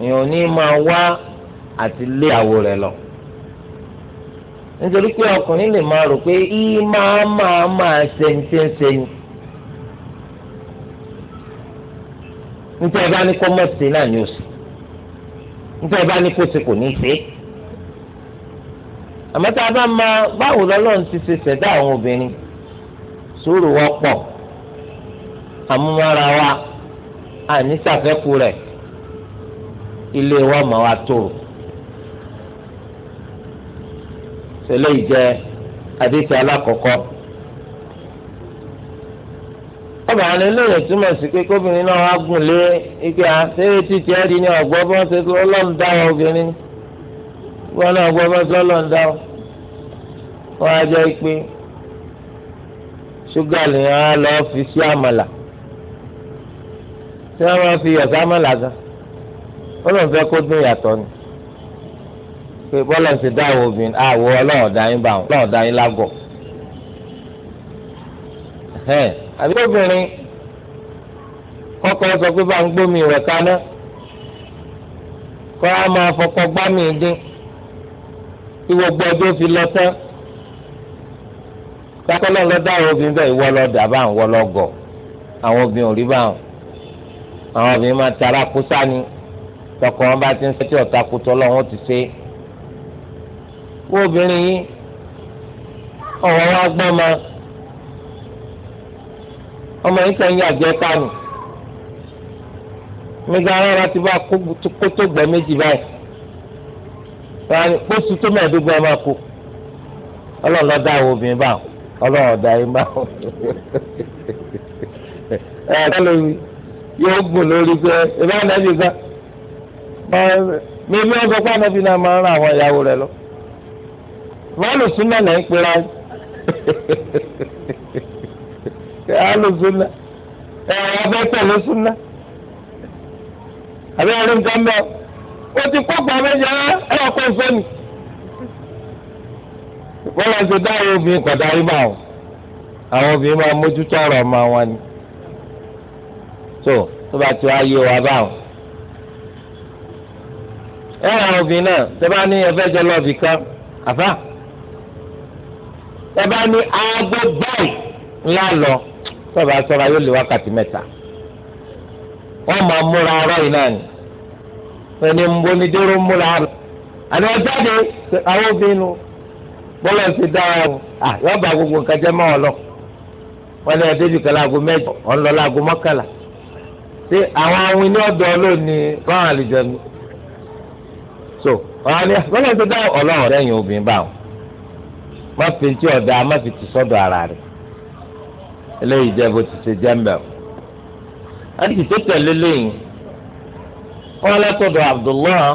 èèyàn ò ní máa wá àti lé àwo rẹ̀ lọ nítorí pé ọkùnrin lè máa rò pé yìí máa máa máa sẹ́yìn sẹ́yìn sẹ́yìn nítorí ẹ bá ní kó mọ̀ sí náà ni ó sì nítorí ẹ bá ní kó sì kò ní sí àmọ́ tá a bá máa báwo lọ́lọ́run ti ṣe ṣẹ̀dá àwọn obìnrin sùúrù wọ́pọ̀ àmúmọ́ra wa àníṣàfẹ́kù rẹ̀ ilé wa máa wá tòrò. sẹlẹ̀ ìjẹ́ àdìsí alákọ̀ọ́kọ́. ọba àwọn eléyìí túmọ̀ sí pé kóbìnrin náà wá gùn lé ike àṣírí títí ẹ́ di ní ọ̀gbọ́n bí ṣe fi ọlọ́run dá wọn obìnrin wọn náà sọ dá wọn. á pé ṣúgà lèèyàn á lọ fi sí àmàlà tí fi yọ sí àmàlà gan. ó pé bọ́lá ń ṣe ah, dá àwọn obìnrin àwọ̀ ọlọ́run dáyín bá wọn ọlọ́run dáyín lágọ̀. àbí obìnrin kọ́kọ́ sọ pé bá ń gbómi rẹ̀ kaná kọ́ á máa fọkọ gbá mi dín kí gbogbo ọjọ́ fi lọ tán sákọ́lọ́ lọ dá àwọn obìnrin bẹ́ẹ̀ wọ́ lọ dà bá ń wọ́ lọ gọ̀ àwọn obìnrin ò rí bá wọn àwọn obìnrin máa tara kó sáni tọkọ wọn bá ti ń sẹ́tì ọ̀tá kutọ́ lọ́wọ́ ti ṣe é wọ́n obìnrin yìí ọ̀rọ̀ wa gbọ́n ma ọmọ yìí kàn ń yàgbẹ́ kánù mẹga rárá ti bá kó tó méjì báyìí kóṣù tó mẹ́ẹ̀ẹ́dógún ẹ máa ọlọ́run lọ́ọ́ dá àwọn obìnrin báwọn ọlọ́run ọ̀dà yín báwọn ẹ̀ ẹ̀ lórí yóò gùn lórí pé ìbáraẹnẹ́bí gbà mímú ọgbọ́n pàdánù náà máa ń ra àwọn ìyàwó rẹ lọ màálùsúnà náà ń pera ẹ alùsúnà ẹ abẹ́ tẹ̀lé súnà abẹ́ ẹ̀rí nǹkan bẹ́ẹ̀ o ti kó gba méjì ẹ ọkọ ìfẹ́ni wọ́n lọ sí dáhùn obìnrin kọ̀dá rí bá wọn àwọn obìnrin máa mójútó ọ̀rọ̀ ọmọ wọn ni tó tó bá ti wá yé wa báwọn ẹ àwọn obìnrin náà tẹ bá ní ẹfẹ́ jẹ lọ́ọ̀bì kan àfáà ẹ bá ní aago báyìí ńlá lọ sọba sọra yóò lé wákàtí mẹ́ta wọn máa múra ọ̀rọ̀ yìí náà ni wọn ní mbonidoro múra ọ̀rọ̀ àná jáde àwọn obìnrin nu bọlọ ti dá ọ à yọọ bá gbogbo nǹkan jẹ mọ́ lọ wọn ní ọdẹ bìkan láago mẹ́jọ ọ̀n lọ mọ́kànlá ṣé àwọn awin ní ọ̀dọ̀ lónìí fáwọn àlejò mi so ọ̀hún ni bọlọ ti dá ọlọ́run rẹ̀ yín obìnrin báwọn má fi ti ọ̀dà má fi ti sọ́dọ̀ ara rẹ̀ eléyìí jẹ́ bó ti ṣe jẹ́ ń bẹ̀. àdìsí tó tẹ̀lé lẹ́yìn wọn látọ̀dọ̀ abdullahi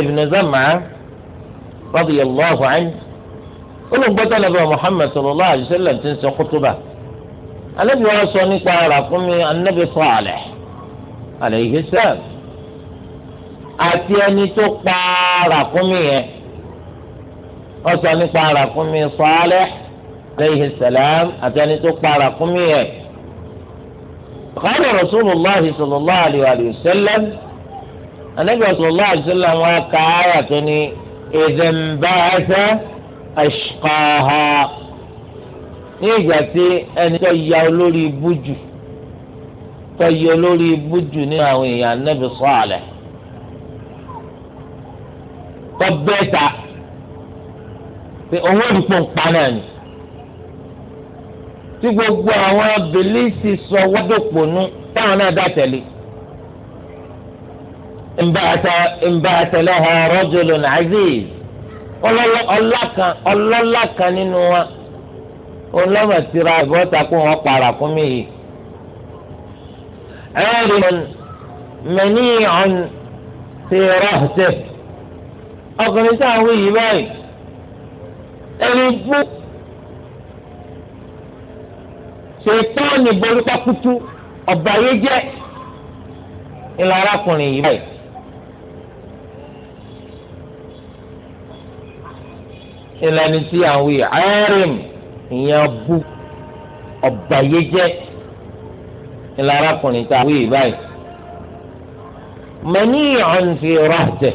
ibn zamah radiyallahu anhu olùgbọ́tọ̀ nàbẹ̀ muhammed sallallahu alayhi wa sallam ti ń sọ kútúbà alẹ́bí wọn sọ nípa ràkúnmí anabi sọ̀ọ̀lẹ̀ alayhi salam àti ẹni tó pa ràkúnmí yẹn. wọ́n sọ nípa ràkúnmí Sálíhì aleyhi salam àti tó pa ràkúnmí ẹ̀. kọ́nà rasulillah sallallahu alayhi wa sallam anabi sallallahu alayhi wa sallam wọn kà á yàtọ̀ ní ìgbà tí ẹni tó ya olórí ibú tó ya olórí nínú àwọn èèyàn anabi pé owó ìdìpọ̀ ń pa náà ni tí gbogbo àwọn abèlésì sọ wọ́dọ̀pọ̀ nù táwọn náà dá tẹ̀lé ìmbàtẹ̀lẹ̀ ha rajulun aziz ọlọ́lá kan ọlọ́lá kan nínú wa ọlọ́mọ ti ra ìbọ́ta kó wọn para fún mi yìí ẹ̀rìn mẹ́ni ọ̀n ti rọ̀ ṣe ọkùnrin táwọn yìí báyìí ẹni gbó ṣètọ́ọ̀nì bolúkọ́kútú ọ̀bàyéjẹ́ ńlá arákùnrin yìí báyìí. ìlànà tí à ń wí ẹ̀rìm ìyẹn bú ọ̀bàyéjẹ́ ńlá arákùnrin tá a wí báyìí. mẹ́ni ọ̀n fi rà jẹ́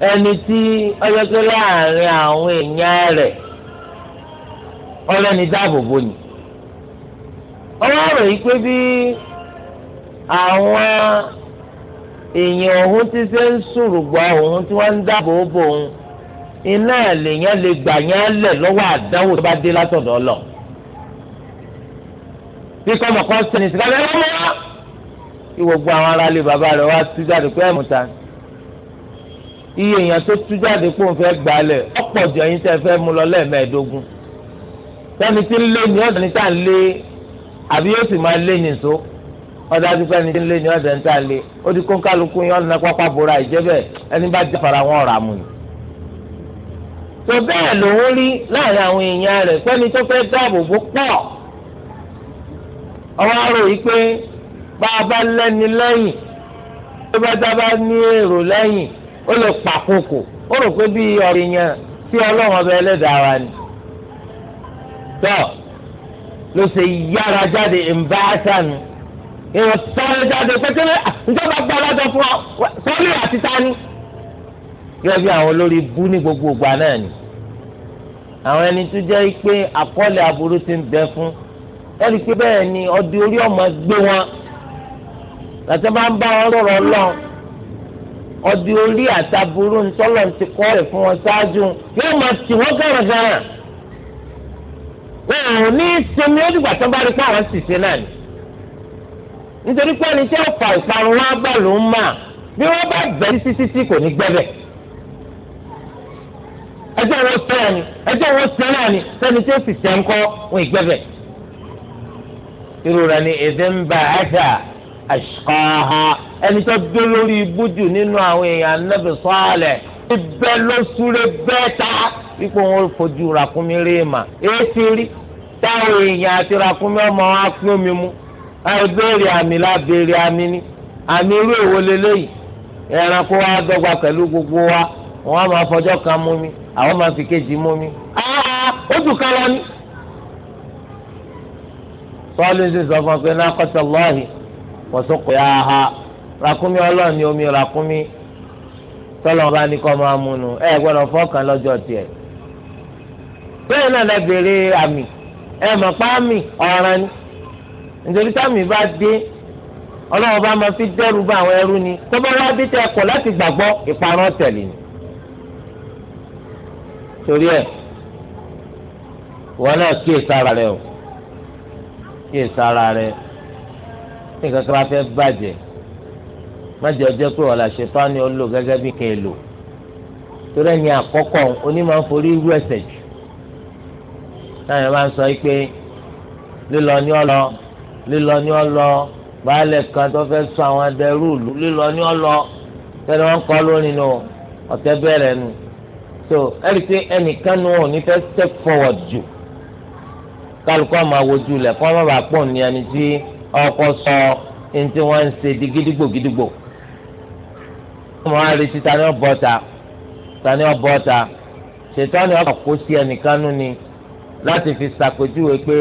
ẹni tí ọjọ́pẹ́ láàrin àwọn èèyàn rẹ̀ ọlọ́ni dáàbò bò ní. ọlọ́rọ̀ yìí pé bí àwọn èèyàn ọ̀hún ti ṣe ń sùrùgbọ́ ọ̀hún tí wọ́n ń dáàbò bò ọ̀hún iná lèèyàn lè gbà yẹn lẹ̀ lọ́wọ́ àdáwò tó bá dé látọ̀dọ̀ ọlọ́run bí kọ́mọ̀kọ́ sẹ́ni sí ká lè lọ́mọ́ ìwògbọ́ àwọn aráàlú bàbá rẹ̀ wá sí jáde pé ẹ̀mú ta ni iye èèyàn tó tú jáde kó n fẹ́ gbalẹ̀ ọ̀pọ̀ jù ẹ̀yin tẹ́ fẹ́ mú lọ lẹ́ẹ̀mẹ́ẹ̀dógún sẹ́ni tí ń lé ní ọ̀dọ̀ ní tá à ń lé àbí yóò sì máa lé ní so ọ̀dọ̀ àti sẹ́ni tí ń lé ní ọ̀dọ̀ ní tá à ń lé ó di kónkálukú yẹn ọ̀nà pápá bora ìjẹ́bẹ̀ ẹni bá jẹ́ fara wọn rà mù ní. tó bẹ́ẹ̀ lòun rí láàrin àwọn èèyàn rẹ̀ sẹ́ni tó fẹ́ dáàbò bò pọ̀ ó lè pàkókò ó rò pé bí ọ̀rìyàn tí ọlọ́run ọba ẹlẹ́dàá wa ni. tọ́ ló ṣe yára jáde ìmbáṣánu èèyàn tọ́lé jáde pétéré ìjọba gba fún ọ sọ́ọ́lì àti tani. gẹ́gẹ́ bí àwọn olórí bú ní gbogbo ìgbà náà ni àwọn ẹni tó jẹ́ pé àkọọ́lẹ̀ aburú ti ń bẹ fún ẹni pé bẹ́ẹ̀ ni ọdún orí ọmọ gbé wọn làtẹ́ bá ń bá wọn ọdí orí àtàbúrú ntọ́lọ̀ ti kọ́ ẹ̀ fún wọn ṣáájú yóò máa tì wọ́n gàràgàrà wọn ò ní í sinmi ó dìgbà tó bá rí pé àwọn sì ṣe náà ni nítorí pé ẹni tí ó fa ìparun wọn bá ló ń mà bí wọ́n bá bẹ̀ títí títí kò ní gbẹ́bẹ̀ ẹjọ́ wo sọ ẹ̀ ni ẹjọ́ sọ náà ni sẹ́ni tí ó sì ṣe ń kọ́ wọn ìgbẹ́bẹ̀ irú rẹ̀ ni èdè ń bá ẹ̀ṣà. àṣùkọ́ha ẹni tó dó lórí ibújù nínú àwọn èèyàn Ànábì Sọ́ọ̀lẹ̀ ibẹ̀ ló súré bẹ́ẹ̀ ipò wọn fojú ràkúnmí rí mà rí táwọn èèyàn àti ràkúnmí ọmọ wa pín omi mu àwọn àmì lábèrè àmì ni àmì irú èwo lélẹ́yìí ẹranko wa dọ́gba pẹ̀lú gbogbo wa wọn máa fọjọ́ kan mú mi àwọn máa fi kejì mú mi ó dùn lọ ní. sọ́ọ́lù ń sọ fún ọ pé lọ́ọ̀hìn. wọ́sọ̀kọ̀ yà ha ràkúnmí ọlọ́ọ̀ni omi ràkúnmí tọ́lọ̀ bá ní kọ́ máa mú nu ẹ gbọ́dọ̀ fọ́ọ̀kan lọ́jọ́ tiẹ̀. bẹ́ẹ̀ náà lẹ bèrè àmì ẹ mọ̀ pa àmì ọ̀ràn ni nítorí táàmì bá dé ọlọ́wọ́ bá máa fi dẹ́rù bá àwọn ẹrú ni tó bá wá dé tẹ ẹ̀kọ́ láti gbàgbọ́ ìparun tẹ̀lé ni. torí ẹ wọn náà kíyèsára rẹ o kíyèsára rẹ o ní kankan bá fẹ́ bàjẹ́ májẹ ọjọ́ pé ọ̀la ṣetán ni ó lò gẹ́gẹ́ bí kan èlò torí ẹni àkọ́kọ́ onímọ̀ forí irú ẹ̀sẹ̀ jù náà yẹn máa ń sọ pé lílọ ni ọ lọ lílọ ni ọ lọ baálẹ̀ kan tó fẹ́ sọ àwọn adẹ́rù ìlú lílọ ni ọ lọ fẹ́ni wọ́n kọ́ lórí nu ọ̀tẹ́ bẹ̀rẹ̀ nu so ẹ̀rí pé ẹnìkan nu òní fẹ́ step forward jù kálukọ́ máa wojú lẹ̀ kọ́ máa bàa pọ̀ ní ẹni tí. ọkọ sọ ẹni wọ́n ń ṣe di gidigbo gidigbo ọmọ ta ni ọ bọ ta ni ọ ni ọkọ kó sí ni láti fi ṣàpèjúwe pé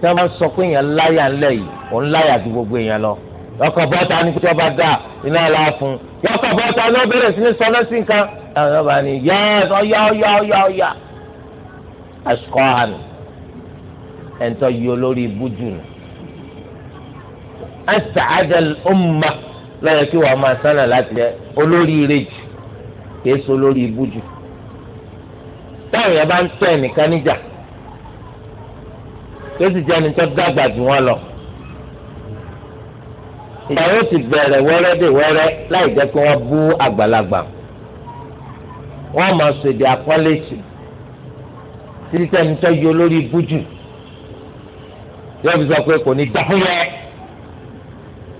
tí wọ́n sọ pé èèyàn láyà yìí òun gbogbo èèyàn lọ ọkọ bọta ní kí ọba dà iná fún un ọkọ bọta ní ọbẹ̀rẹ̀ sí ní sí nǹkan ọba ni àná as'ada al-umma lọ́yẹ kí wọ́n máa sánà láti jẹ́ olórí ire jù kìí so olórí ibú jù táwọn yẹn bá ń tọ́ ẹnìkan níjà tó sì jẹ́ ẹni tó dàgbà jù wọ́n lọ ìjà yóò ti bẹ̀rẹ̀ wẹ́rẹ́ dè wẹ́rẹ́ láì jẹ́ kí wọ́n bú àgbàlagbà wọ́n máa sèdè àpọ́nlé sí títí tẹ́ni tó yọ olórí ibú jù yóò fi sọ pé kò ní dàkúnyẹ́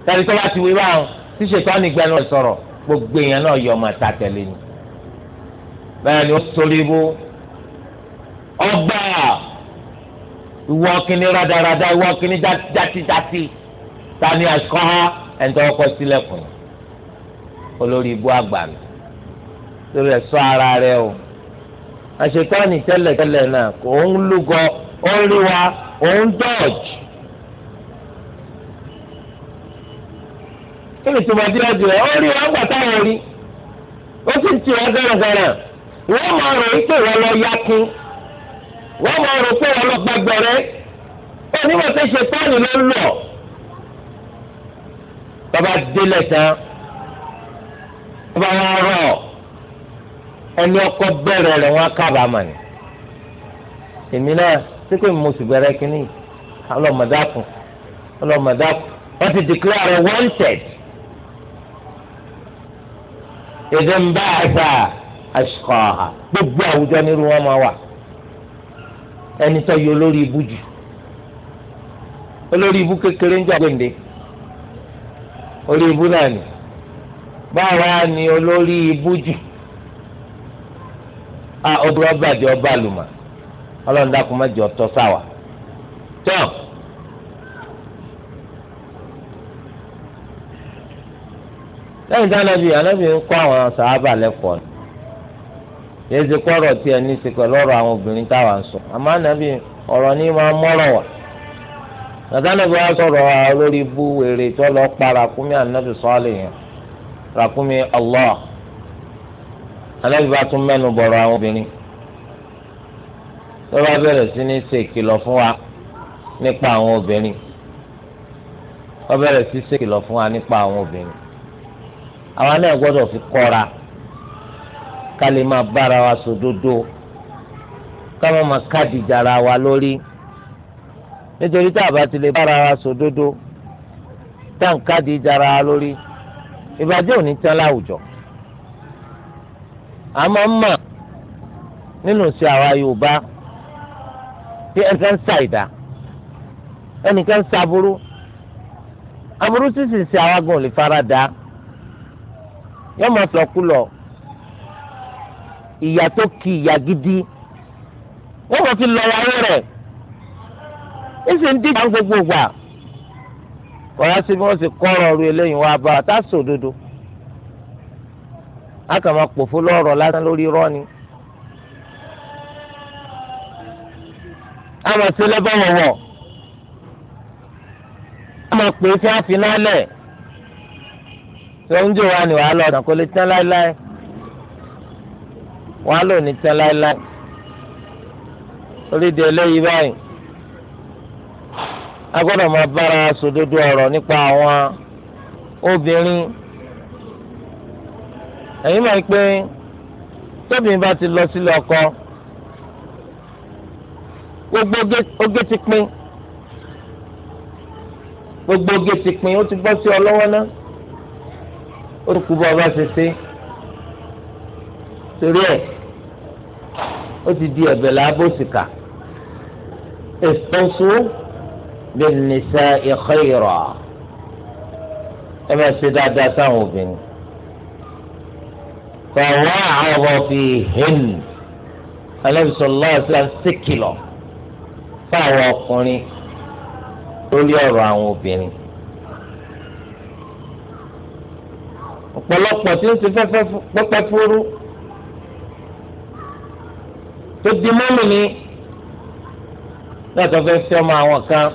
tẹni tó bá ti wí báwọn tí ṣètò ìgbẹ́nu rẹ̀ sọ̀rọ̀ gbogbo èèyàn náà yọ ọmọ ẹ̀ta tẹ̀lé ni bẹ́ẹ̀ ni ó sori ibú ọgbà ìwọ kìíní rádaràda ìwọ kìíní játijáti ta ni àṣọ ẹ̀ńtọ́ ọkọ̀ sílẹ̀kùn olórí ibú àgbà mi torí ẹ̀ sọ ara rẹ o àṣetọ́ni tẹ́lẹ̀tẹ́lẹ̀ náà kò ń lúgọ ó ń rí ó ń dọ́ọ̀jì. níbi tó máa dúró dúró ó rí wọn gbàtà wọn rí ó sì ti wọn gánagánà wọ́n máa rò pé wọ́n lọ yakun wọ́n máa rò pé wọ́n lọ gbàgbẹrẹ onímọ̀ tó ṣe pọ́ọ̀nù ló ń lọ bàbá délẹ̀ tán bàbá wọn rọ ẹni ọkọ bẹ̀rẹ̀ rẹ̀ wọn kábàámà ni èmi náà sípò mo sì bẹ̀rẹ̀ kínní ọlọ́mọdé àkùn ọlọ́mọdé àkùn wọ́n ti declare wanted. èdè ń bá àṣà gbogbo àwùjọ nírú wọn máa wà ẹni tó yọ olórí ibú jù olórí ibú kékeré ń jọ gbèǹde olórí ibú náà ni báwa ni olórí ibú jù a obìnrin ọba ọba àlùmọ ọlọ́run dákun má jẹ́ lẹ́yìn tí anabi anabi ń kọ́ àwọn sàábà lẹ́kọ̀ọ́ ni yéé ṣe kọ́ ọ̀rọ̀ tiẹ̀ ní ṣe pẹ̀lú ọ̀rọ̀ àwọn obìnrin táwa ń sọ àmọ́ anabi ọ̀rọ̀ ní máa mọ́rọ̀ wà nàdá anabi wa sọ̀rọ̀ lórí ibú èrè tó lọ pa ràkúnmí anabi sọ́ọ̀lì yẹn ràkúnmí Allah anabi bá tún mẹ́nu bọ̀rọ̀ àwọn obìnrin tó bá bẹ̀rẹ̀ sí ní ṣe ìkìlọ̀ fún wa nípa ṣe ìkìlọ̀ fún wa nípa àwọn obìnrin àwa náà gbọ́dọ̀ fi kọ́ra ká lè máa bára wa sòdodo ká má máa kádìjà ara wa lórí nítorí tá a bá ti lè bára wa sòdodo tá à ń kádìjà wa lórí ìbàjẹ́ ò tán láwùjọ a máa ń mà nínú sí àwa Yorùbá tí ẹnìkan ń ṣàìdá ẹnìkan ń ṣàbúrú aburú sísìn sí àwa gan ò lè fara dà yóò máa sọ̀kú lọ ìyà tó ki ìyà gidi wọ́n kò fi lọ rẹ rẹ̀ ẹsẹ̀ ń gbogbo gbà kọ́lá sí wọn wọ́n kọrọ kọ́rọ̀ eléyìí wá bá tá a sọ òdodo a kà máa pòfó lásán lórí a máa sọ́njọ́ wa ni wàá lọ ọ̀dàn kò lè tán láéláé wàá lò ní tán láéláé orídìí eléyìí báyìí a gbọ́dọ̀ máa bára sòdodo ọ̀rọ̀ nípa àwọn obìnrin ẹ̀yin máa ń pé tóbìnrin bá ti lọ sílé ọkọ gbogbo oge ti pín gbogbo oge ti pín ó ti bọ́ sí ọ lọ́wọ́ náà orúkú bá ọba ṣe ṣe torí ẹ ó ti di ẹ̀bẹ̀ lábòsíkà ìsọsọ bin nisa'i khayra ẹ máa ṣe dáadáa sáwọn obìnrin fàwọn àwọn fi hìn alẹ́bísọ̀lá ṣe ṣèkìlọ̀ fáwọn ọkùnrin lórí ọ̀rọ̀ àwọn obìnrin. pọ̀lọpọ̀ tí ń ṣe fẹ́fẹ́ pẹ́pẹ́ fúru tó di mọ́mì ni lọ́tọ̀ fẹ́ fi ọmọ àwọn kan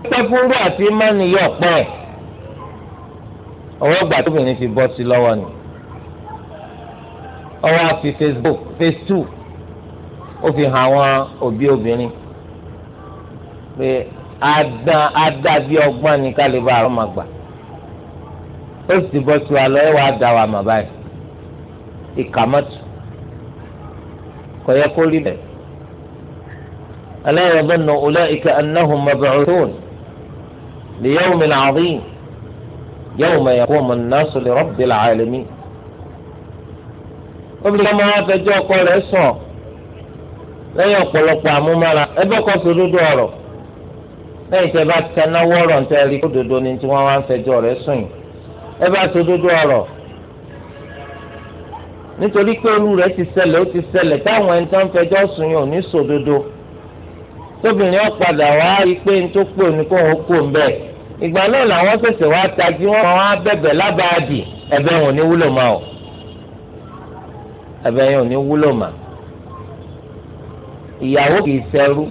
pẹ́pẹ́ fúru àti mọ́ni yọ̀ pẹ́ ọwọ́ gbà tóbi ní fi bọ́ sí lọ́wọ́ ni ọwọ́ àfi Facebook face two ó fi hàn àwọn òbí obìnrin pé adá adá bí ọgbọ́n ni ká lè bá àrùn máa ó sì bọ́ sí wa lọ ẹ wàá da wa mà báyìí ìkàmọ́tò kò yẹ kó rí bẹ́ẹ̀. ألا يظن أولئك أنهم مبعوثون ليوم عظيم يوم يقوم الناس لرب العالمين obìnrin kan máa fẹjọ́ ọkọ rẹ̀ sùn lẹ́yìn ọ̀pọ̀lọpọ̀ àmúmára ẹgbẹ́ kan sòdodo ọ̀rọ̀ lẹ́yìn tẹ́ bá tẹnáwọ́ ọ̀rọ̀ ń tẹ́ rí kó dodo ni tí wọ́n wá ń fẹjọ́ rẹ̀ sùn yìí ẹ bá sòdodo ọ̀rọ̀ nítorí pé irú rẹ̀ ti ṣẹlẹ̀ ó ti ṣẹlẹ̀ táwọn ẹni tó ń fẹjọ́ sùn yìí ò ní sòdodo tóbìnrin ọ̀padà wá rí pé n tó pè ní kó òun kó ń bẹ̀ ìgbà náà làwọn ṣẹ̀ṣẹ̀ wá tají wọn máa wá bẹ̀bẹ̀ lábàádì ẹ̀bẹ̀ wọn ò ní wúlò máa o ẹ̀bẹ̀ yẹn ò ní wúlò máa ìyàwó kì í ṣẹrú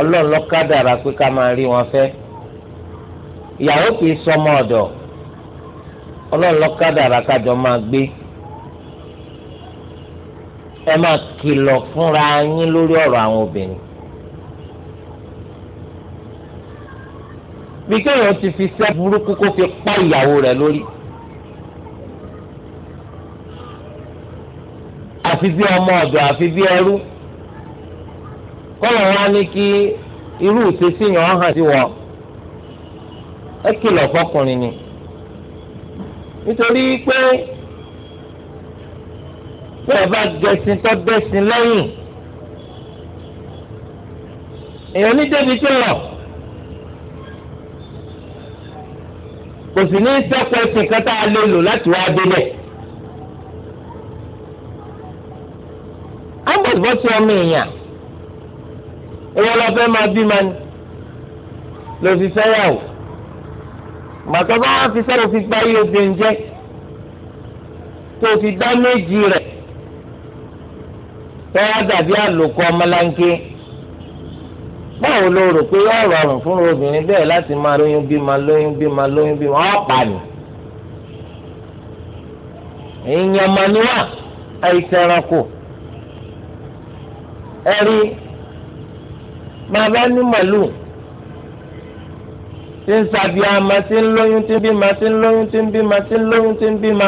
ọlọ́run ló pé ká máa rí wọn fẹ́ ìyàwó kì í sọmọ ọ̀dọ̀ ọlọ́run lọ́kadà àràkàjọ máa gbé ẹ máa kìlọ̀ fúnra yín lórí ọ̀rọ̀ àwọn obìnrin. bí kéèyàn ti fi sẹ́ burúkú kó fi pa ìyàwó rẹ̀ lórí. àfi bí ọmọ ọ̀dọ̀ àfi bí ẹrú kọ́lọ̀ wá ní kí irú ìṣesí hàn sí wọn ẹ kìlọ̀ fọkùnrin ni nítorí pé bí ẹ bá gẹ̀sìn tó gẹ̀sìn lẹ́yìn èèyàn ní débi tó lọ kò sì ní sẹ́kọ̀ọ́ ẹ̀sìn kan tá a lè lò láti wá délẹ̀. ambos bọ́ sí ọmọ èèyàn èèyàn lọ fẹ́ máa bí ma ni lòfi fẹ́ yà gbàtọ́ bá wọn fi sẹ́wọ́ fi gba iye obìnrin jẹ́ tó fi dá méjì rẹ̀ tọ́wọ́ dàbí àlòkù ọmọláńké báwo ló rò pé yóò rọrùn fún obìnrin bẹ́ẹ̀ láti máa lóyún bí máa lóyún bí máa lóyún bí wọ́n pa ni. èèyàn manuwa àìsẹ̀ránkù ẹ̀rí bàbá ní màlúù tí ń sàbí ama tí ń lóyún tí ń bímọ tí ń lóyún tí ń bímọ tí ń lóyún tí ń bímọ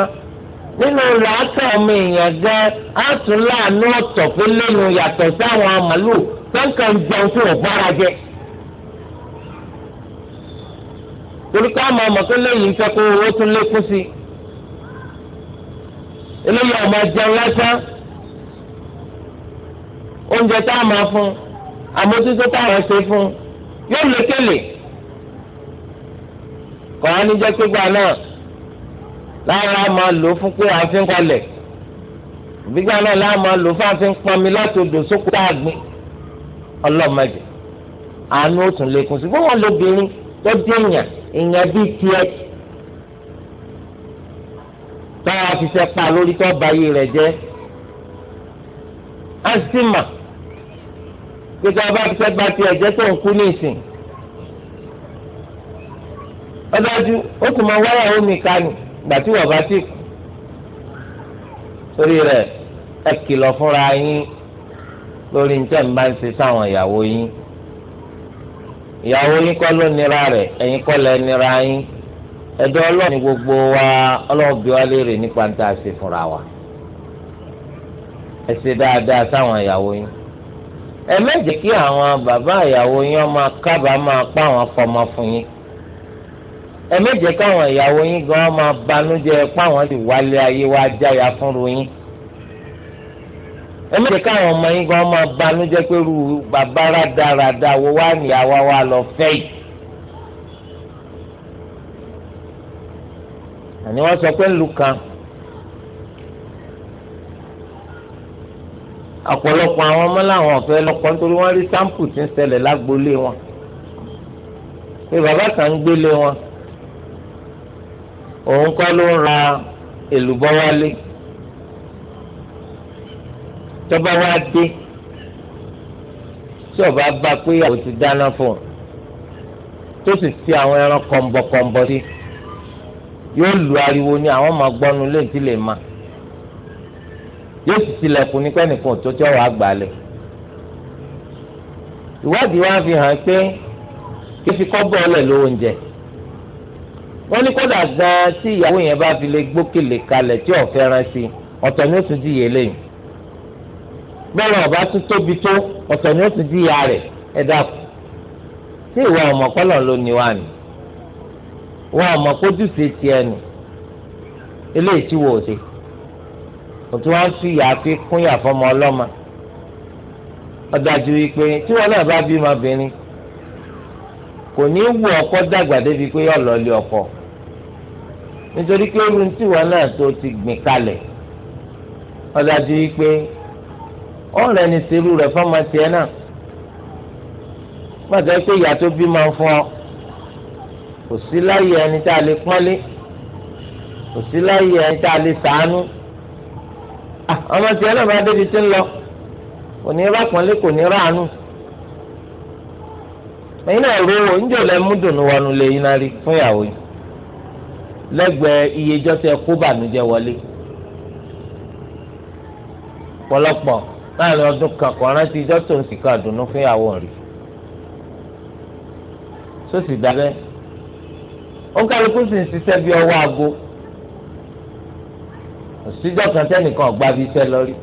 nínú làákà ọmọ èèyàn gan àtún láàánú ọ̀tọ̀ pé lẹ́nu yàtọ̀ sáwọn màálù sọ́ńkà ń jẹun tí wọ́n bára jẹ. torí ká mọ ọmọ tó léyìí ń fẹ́ kó owó tún lékún sí i. eléyìí ọmọ jẹun lásán oúnjẹ tá a máa fún àmójútó tá a máa ṣe fún yóò lékele kọ́ á ní jẹ́ pípa náà lára máa lò fún pé àfin kọlẹ̀ gbígbà náà lára máa lò fún àfin pọnmi láti odò sóko tá a gbìn ọlọ́mọdé àánú ó tún lékún sí fún wọn lóbìnrin tó dé èèyàn bíi tiẹ̀ táwa fi pa lórí tó ba ayé rẹ̀ jẹ́ á sì mà pé tí a bá fi gba tiẹ̀ jẹ́ tó ń kú ní ìsìn ọdájú ó tún máa wáyà omi ká ní ìgbà tí wọ́n bá ti kù torí rẹ̀ ẹ kìlọ̀ fúnra yín lórí njẹ́ ń bá ń ṣe sáwọn ìyàwó yín ìyàwó yín kọ́ ló nira rẹ̀ ẹ̀yin kọ́ lẹ́ nira yín ẹ̀dọ́ ọlọ́ọ̀ni gbogbo wa ọlọ́ọ̀bí wa léèrè nípa ń tà ṣe fúnra wa ẹ ṣe dáadáa sáwọn ìyàwó yín ẹ má kí àwọn bàbá ìyàwó yín ọmọ kábàámọ̀ apá àwọn fọmọ fún yín ẹ méje káwọn ìyàwó yín gan máa banújẹ́ páwọn ti wálé ayé wá jáya fúnru yín ẹ méje káwọn ọmọ yín gan máa banújẹ́ pé irú bàbá rádaràda wo wá níyàwó wa lọ fẹ́ yìí. àní wọ́n sọ pé ńlu kan ọ̀pọ̀lọpọ̀ àwọn ọmọ làwọn ọ̀fẹ́ lọ́kọ nítorí wọ́n rí sáǹpù tí ń ṣẹlẹ̀ lágboolé wọn pé bàbá kan ń gbélé wọn òun kọ́ ló ń ra èlùbọ́ wálé tọ́ba wá dé tí ọba bá pé ìyàwó ti dáná fún un tó sì fi àwọn ẹran kọ̀m̀bọ̀kọ̀m̀bọ̀ sí yóò lu ariwo ni àwọn máa gbọ́nu léǹtí lè ma yóò sì tilẹ̀kùn ní pẹ́ẹ́nìkan tó tí ọ̀rọ̀ àgbàlẹ̀ ìwádìí wa fi hàn pé kí fi kọ́ bọ́ọ̀lẹ̀ lówó wọ́n ní kódà gan-an tí ìyàwó yẹn bá fi lè gbókèlè kalẹ̀ tí ò fẹ́ràn sí ọ̀tọ̀ ni ó tún jìyà eléyìí bẹ́ẹ̀ náà ọba tún tóbi tó ọ̀tọ̀ ni ó tún jìyà rẹ̀ ẹ dákú tí ìwọ ọmọ kọ́lọ̀ ló ní wà ní wọ́n ọmọ kójúṣe tiẹ̀ nù eléyìí tí wò ó ṣe òtún wá ń fi ìyá fi kún ìyá fọmọ ọlọ́mọ ọ̀dájú wípé tí wọn náà bá bímọ obìnrin kò ní wù ọkọ dàgbà débi pé yọ lọ lé ọkọ nítorí pé irú tí wọn náà tó ti gbìn kalẹ̀ ọ̀dájú wípé ọ̀rẹ́ ni serú rẹ̀ fọ́mọ tiẹ̀ náà gbàgbé pé ìyá tó bí máa ń fún ọ kò sí láyé ẹni tá a lè pọ́nlé kò sí láyé ẹni tá a lè sàánú ọmọ tiẹ̀ náà máa débi tí ń lọ kò ní rà pọ́nlé kò ní rà àánú ẹ̀yin náà ro oúnjẹ lẹ́mú dùnú wọnú lẹ́yìn náà rí fún ìyàwó yìí lẹ́gbẹ̀ẹ́ iyejọ́ tẹ kó bànújẹ́ wọlé pọ̀lọpọ̀ láàrin ọdún kan kò rántí ijọ́ tó ń sìkà dùnú fún ìyàwó rẹ̀ sósì dábẹ́ ó kálukú sì ń ṣiṣẹ́ bí ọwọ́ aago òsíjọ́ kan tẹ́nìkan ọ̀gbá bí iṣẹ́ lọ rí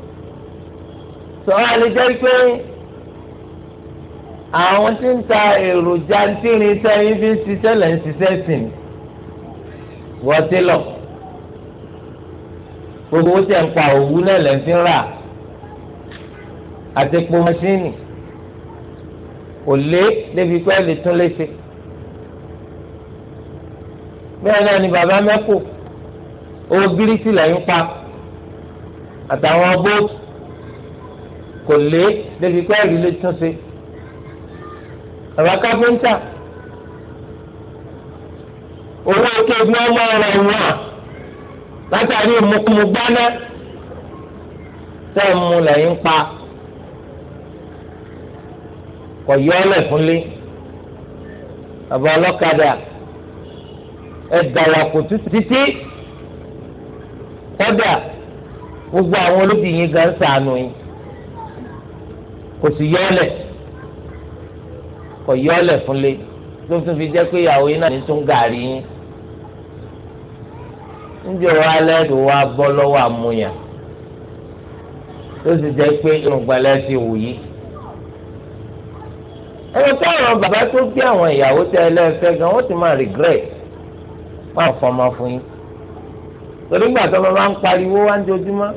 sọ wá lè jẹ́ pé àwọn tí ń ta èròjà tí irinṣẹ́ yín fi ń ṣiṣẹ́ lẹ́ ń ṣiṣẹ́ sìn ní wọ́tí lọ gbogbo ó tẹ̀ ń pa òwú náà lẹ́ fi ń rà àti epo mọ́ṣíìnì kò lé débi pé lè tún léṣe bẹ́ẹ̀ náà ni bàbá mẹ́kù owó gírísì lẹ́yìn pa àtàwọn bóòtù kò lé débi pé lè tún ṣe bàbá kápẹ́ńtà. kí egun ọmọ rẹ̀ wọ̀n látàrí ìmúkúmu gbáná tẹ́ ń mu lẹ́yìn pa kọ̀ yọ ọ́lẹ̀ fúnlé bàbá ọlọ́kadà ẹ̀ dàwàkù títí kọ́dà gbogbo àwọn olóbì yín gan sànù yín kò sì yọ ọ́lẹ̀ kọ̀ yọ ọ́lẹ̀ fúnlé ló tún fi jẹ́ pé ìyàwó yín náà ní tún gàrí yín níjẹ́ wa lẹ́nu wa bọ́ lọ́wọ́ àmúyàn tó sì jẹ́ pé irùngbọ̀nlẹ̀ ti wù yí. ẹni táwọn bàbá tó gbé àwọn ìyàwó tẹ ẹlẹ́fẹ́ gan wọ́n ti máa regret wọ́n á fọmọ fún yín. torí gbà tó máa ń pariwo wá ń jojúmọ́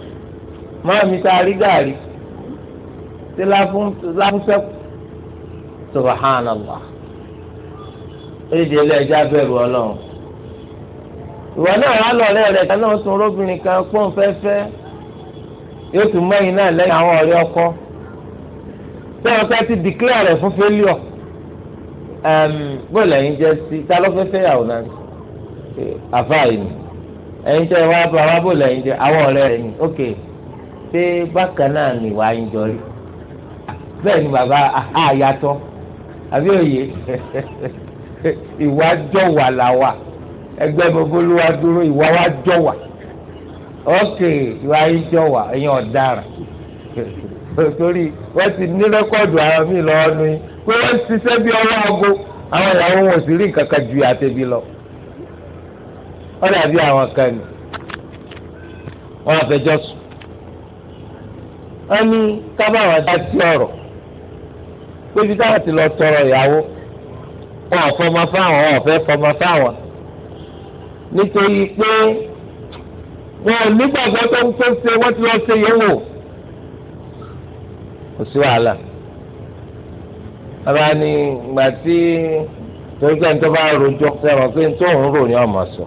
máa mi ta rí gàrí tí láfúnṣẹ́kù subhanallah. ó lè di ẹlẹ́ẹ̀já bẹ̀rù ọlọ́run ìwọ náà wà lọ́rẹ́ rẹ̀ kan náà sun olóbìnrin kan pọ́n fẹ́fẹ́ yóò tún mẹ́yìn náà lẹ́yìn àwọn ọ̀rẹ́ ọkọ sẹ́wọ́n fẹ́ ti dìklẹ́ rẹ̀ fún fẹ́líọ̀ bó lẹ́yìn jẹ́ sí ta ló fẹ́ fẹ́yàwó náà àfáàyè ni ẹ̀yin jẹ́ wá bá wá bó lẹ́yìn jẹ́ àwọn ọ̀rẹ́ rẹ̀ ni ok ṣé bákan náà ni wàá ń jọrí bẹ́ẹ̀ ni bàbá àyàtọ̀ àbí òye ìwà jọ wà làwà ẹgbẹ́ gbogbo ló wá dúró ìwà wa jọ wà ókè ìwà yìí jọ wà ẹ̀yin ọ̀daràn torí wọ́n ti ní rẹ́kọ́ọ̀dù àwọn míì lọ́wọ́ nu yín pé wọ́n ti ṣiṣẹ́ bí ọwọ́ ọgó àwọn ìyàwó wọn ò sì rí nǹkan kan ju àtẹ̀bí lọ ó dàbí àwọn kan ni wọ́n fẹjọ́ sùn wọ́n ní kábàáwọn dá sí ọ̀rọ̀ pé bí táwọn ti lọ tọrọ ìyàwó wọn ò fáwọn wọn ò fọmọ fáwọn nítorí pé wọn ò nígbàgbọ́ tó ń tó ṣe wọ́n ti lọ ṣe yẹn wò kò sí wàhálà bàbá ni ìgbà tí torí pé nítorí bá rojọ́ sẹ́wọ̀n pé nítorí òun rò ní ọmọ sọ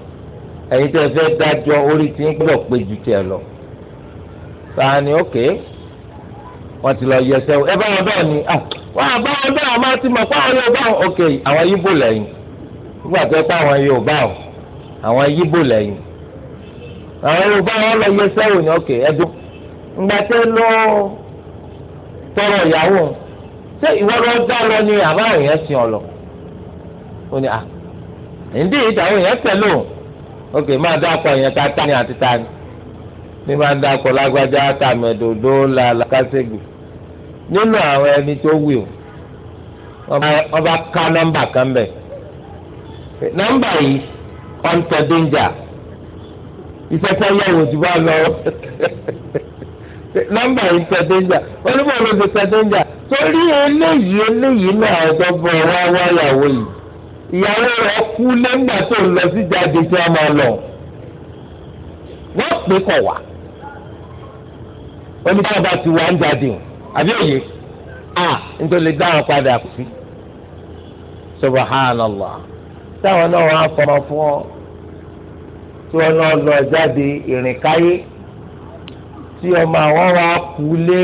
ẹ̀yin tẹ́ fẹ́ dájọ́ orí tí ń gbọ́dọ̀ pé ju tiẹ̀ lọ bàbá ni ókè wọ́n ti lọ yẹ sẹ́wọ̀n ẹ bá wọn bẹ́ẹ̀ ni wọ́n àbá wọn bẹ́ẹ̀ wọ́n máa ti mọ̀ pé àwọn yóò bá wọn ókè àwọn yíbò lẹ́yìn nígbà tó ẹ pé àwọn yóò bá wọn àwọn yíbò lẹ́yìn àwọn yorùbá wọn lọ yẹ sẹ́wò ní ọkẹ́ ẹ̀dùn ńgbà tẹ́ lọ tọrọ ìyàwó ṣé ìwọ lọ dá lọ ni àbáwọn yẹn sìn ọ lọ ó ní à ǹdí ìdáwó yẹn tẹ̀lé o ọkẹ́ máa dá ọkọ yẹn tá tani àti tani ní máa dá ọkọ lágbájá tàmẹ̀dòdó làlàkàṣègbè nínú àwọn ẹni tó wí o wọ́n bá ká nọ́mbà kan bẹ̀ nọ́mbà yìí. ọ̀ntẹ̀ dẹ́njà iṣẹ́ tó yẹ wò ti bá lọ nọ́mbà yìí dẹ́njà olúmọ̀ ti tẹ dẹ́njà torí eléyìí eléyìí náà ọ̀dọ́gbọ̀ wá wáyàwó yìí ìyàwó rẹ̀ kú lẹ́gbà tó lọ sí jáde tí wọ́n máa lọ wọ́n pè kọ̀ wá ti wá ń jáde o àbí òye a padà kù sí subahánàlá táwọn náà tí wọn náà lọ jáde ìrìnkáyé tí ọmọ àwọn wa kú lé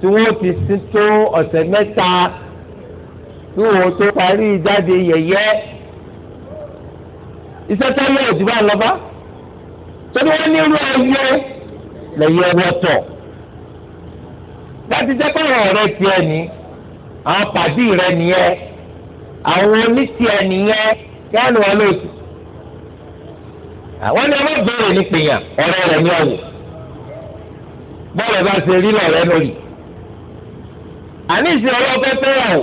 tí wọn ti sin tó ọ̀sẹ̀ mẹ́ta tí wọn tó parí jáde yẹ̀yẹ́ iṣẹ́ tẹ́lẹ̀ òjì bá lọ bá torí wọn ní irú ẹyẹ lẹ́yìn ẹwọ́tọ̀ láti jẹ́ pé àwọn ọ̀rẹ́ tiẹ̀ ni àwọn pàdé rẹ nìyẹn àwọn oníṣẹ́ nìyẹn kí á lò wọn lóṣù. àwọn ni a máa bẹ̀rẹ̀ ní pèyà ọ̀rẹ́ rẹ̀ ní ọ̀wọ̀ bọ́ọ̀lù bá ṣe rí lọ́rẹ́ lórí. àní fẹ́ fẹ́yàwó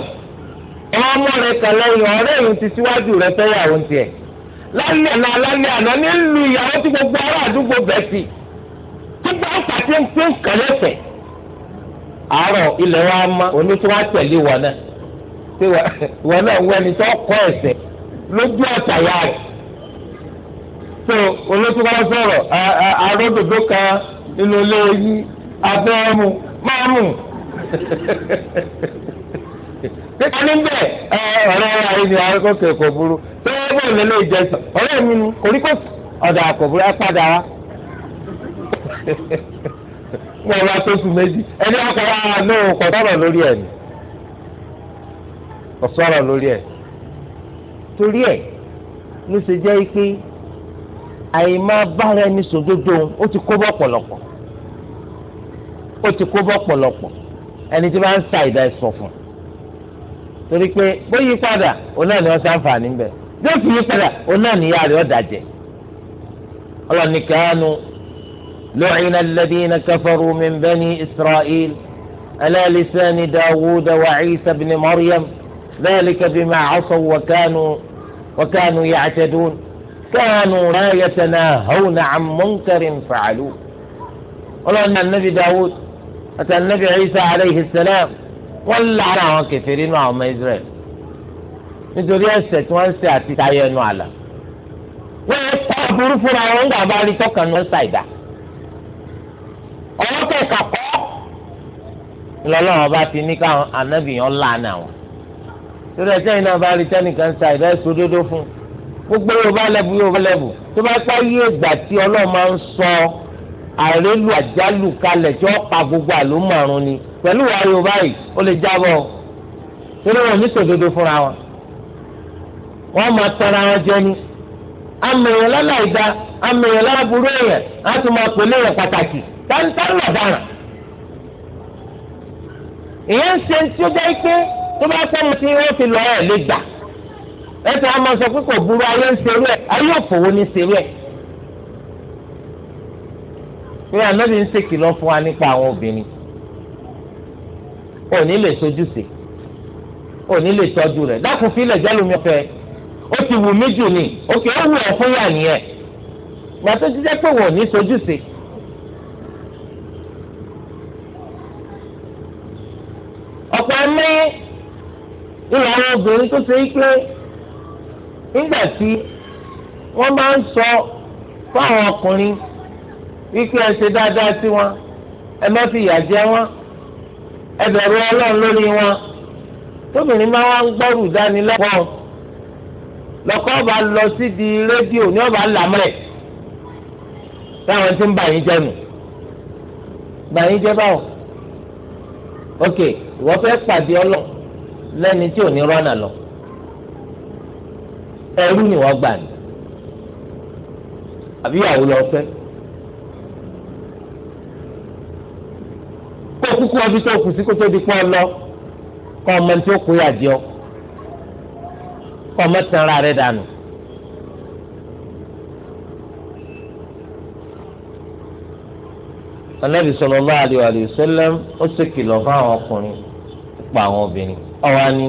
ọmọ kà lẹ́yìn ọ̀rẹ́ ìhun ti síwájú fẹ́yàwó tiẹ̀. lálẹ́ àná lálẹ́ àná ìyàwó tí gbogbo ará àdúgbò bẹ̀ sí. ń àárọ̀ ilẹ̀ wa so olóṣùwọ́ sọ̀rọ̀ àròdòdó kan nínú ilé yín abẹ́rẹ́mu máàmù kíkọ́ níbẹ̀ ọ̀rẹ́ ayé ni arákòkè kò burú tó yẹ bẹ́ẹ̀ lé lè jẹ sọ ọ̀rẹ́ mi ni koríko ọ̀dà kò burú ẹ padà wá wọ́n wá tó sùn méjì ẹni ọkọ̀ wa náà kò sọ̀rọ̀ lórí ẹ̀ ni kò sọ̀rọ̀ lórí ẹ̀ torí ẹ̀ ló ṣe jẹ́ pé àyèmá bára ẹni sòdodo ó ti kó bọ́ pọ̀lọpọ̀ ó ti kó bọ́ pọ̀lọpọ̀ ẹni tí wọ́n ń sa ìdá ẹ̀sọ̀ fún torí pé bó yí padà òun náà ni wọ́n ṣàǹfààní bẹ̀ bí ó fi yí padà òun náà ni yára ọ̀dà jẹ ọlọ́ni kánú lu'ina alladhina kafaru min bani isra'il ala lisani dawuda wa isa ibn maryam dhalika bima asaw wa kanu wa kanu ya'tadun. كانوا لا يتناهون عن منكر فعلوه ولأن النبي داود أتى النبي عيسى عليه السلام ولا على كثيرين وهم إسرائيل nítorí ẹ̀ṣẹ̀ tí wọ́n ń ṣe àti tayọ ẹnu àlà wọn yẹ kó aburú fúnra wọn ń gbàgbá rí tọkànnú ẹsà ìdá ọwọ́ kẹka kọ lọlọrun ọba ti ní káwọn anábìyàn lánàá wọn torí ẹ̀ṣẹ̀ yìí náà bá rí tẹnìkan ṣàìdá ẹsùn òdodo fún un gbogbo yorùbá lẹ́bù yorùbá lẹ́bù tó bá pa yí ìgbà tí ọlọ́run máa ń sọ àrélu àjálù kalẹ̀ tí wọ́n pa gbogbo àlómọ̀rún ni pẹ̀lú wa yorùbá yìí ó lè jábọ̀ torí wọn ní sòdodo fúnra wọn wọn máa tara wọn jẹ ni amèyàn lálàyédá amèyàn láburú èèyàn láti máa pèlè èèyàn pàtàkì táńtán lọ́daràn ìyẹn ń ṣe tí ó jẹ́ pé tó bá pẹ́ mo ti wọ́n fi lọ́ọ́ ẹ̀ lé gbà ẹsẹ̀ a máa sọ pé kò burú ayé ń serú ẹ̀ ayé òfòwò ní serú ẹ̀. pé anábì ń ṣèkìlọ̀ fún wa nípa àwọn obìnrin ò ní lè sojúṣe ò ní lè tọ́jú rẹ̀ dákun fílẹ̀ jálùmí ọ̀fẹ́ ó ti wù mí jù ní òkè ó wù ọ́ fún yà nìyẹn gbàtó ti jẹ́ pé wọ́n ò ní sojúṣe. ọ̀pọ̀ ẹ̀mí ìlànà obìnrin tó ṣe é pé nígbà tí wọ́n máa ń sọ fáwọn ọkùnrin wípé ẹ ṣe dáadáa sí wọn ẹ má fi ìyà jẹ wọn ẹ bẹ̀rù ọlọ́run lórí wọn tóbìnrin máa wá ń gbọ́rù dánilẹ́kọ̀ọ́ lọ́kọ́ ọba lọ sí di rédíò ní ọba làmúrẹ̀ táwọn ti ń bà yín jẹ́ nù bà yín jẹ́ báwọ̀ ok ìwọ fẹ́ pàdé ọlọ́ lẹ́ni tí ò ní rọ́nà lọ ẹrú ni wọ́n gbà ní àbí ìyàwó lọ fẹ́ kó kúkú ọbí tó kù sí kó tó di pọ́n lọ kọ́ ọmọ tí ó kó yà jọ kọ́ ọmọ tán ara rẹ̀ dànù. anabi sallallahu alaihi wa sallam ó sì kìlọ̀ fún àwọn ọkùnrin pa àwọn obìnrin ọwọ ni.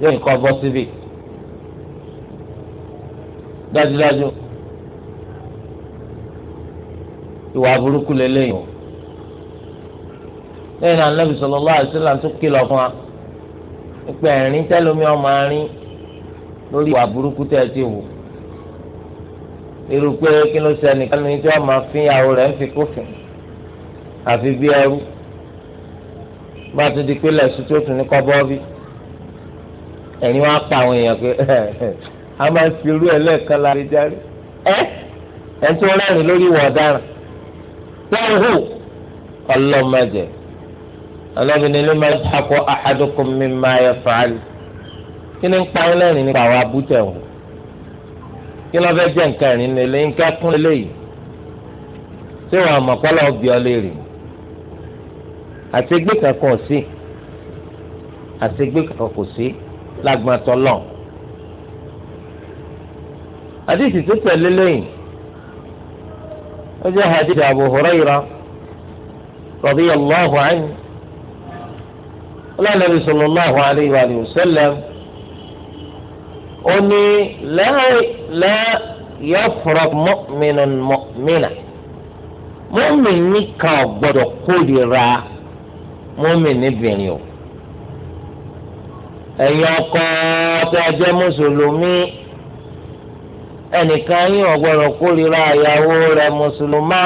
yóò ní kọ́ bọ́ síbì dájúdájú ìwà burúkú lélẹ́yìn o lẹ́yìn náà Ànábì sallallahu alaihi wasallam tó kìlọ̀ fún wa pé ẹ̀rín tẹ́lómi ọmọ arín lórí ìwà burúkú tẹ́ ẹ ti wù irú pé kí ló ṣe nìkan ní tí wọ́n máa fi ìyàwó rẹ̀ ń fi kófin àfi bí ẹrú bá a ti di pé lẹ́sùn tó tún ní kọ́ bí ẹ̀yin wá pa àwọn èèyàn pé a máa ń fi irú ẹ̀ lẹ́ẹ̀kan lára járe ẹ́ ẹ̀ tó rẹ́rìn lórí ìwà ọ̀daràn wọ́n hù ọlọ́mọdé ọlọ́bìnrin ló máa ń takọ́ ahadukum mimma yaf'al kí ni ń pa ẹ́ lẹ́rìn nípa àwọn abútẹ̀ wò kí ló fẹ́ jẹ́ nǹkan ẹ̀rín lélẹ́ nǹkan kún lélẹ́yìí tí wọn àmọ̀ kọ́lá ọbì ọlẹ́rìn àtẹgbẹ́ kankan sí àtẹgbẹ́ kankan kò sí lágbàtọ lọ àdìsí tó tẹ̀lé lẹ́yìn ó jẹ́ hadith Abu Hurayra radiyallahu anhu ọlọ́ọ̀lẹ́bi sallallahu alayhi wa sallam ó ní la yafraq mu'minun mu'mina mọ́mìnì kan gbọ́dọ̀ kórìíra mọ́mìnì bìnrin o ẹ̀yin ọkọ ọtẹ ajẹ́ mùsùlùmí ẹnìkan yín ọ̀gbọ́dọ̀ kórìíra ìyàwó rẹ̀ mùsùlùmá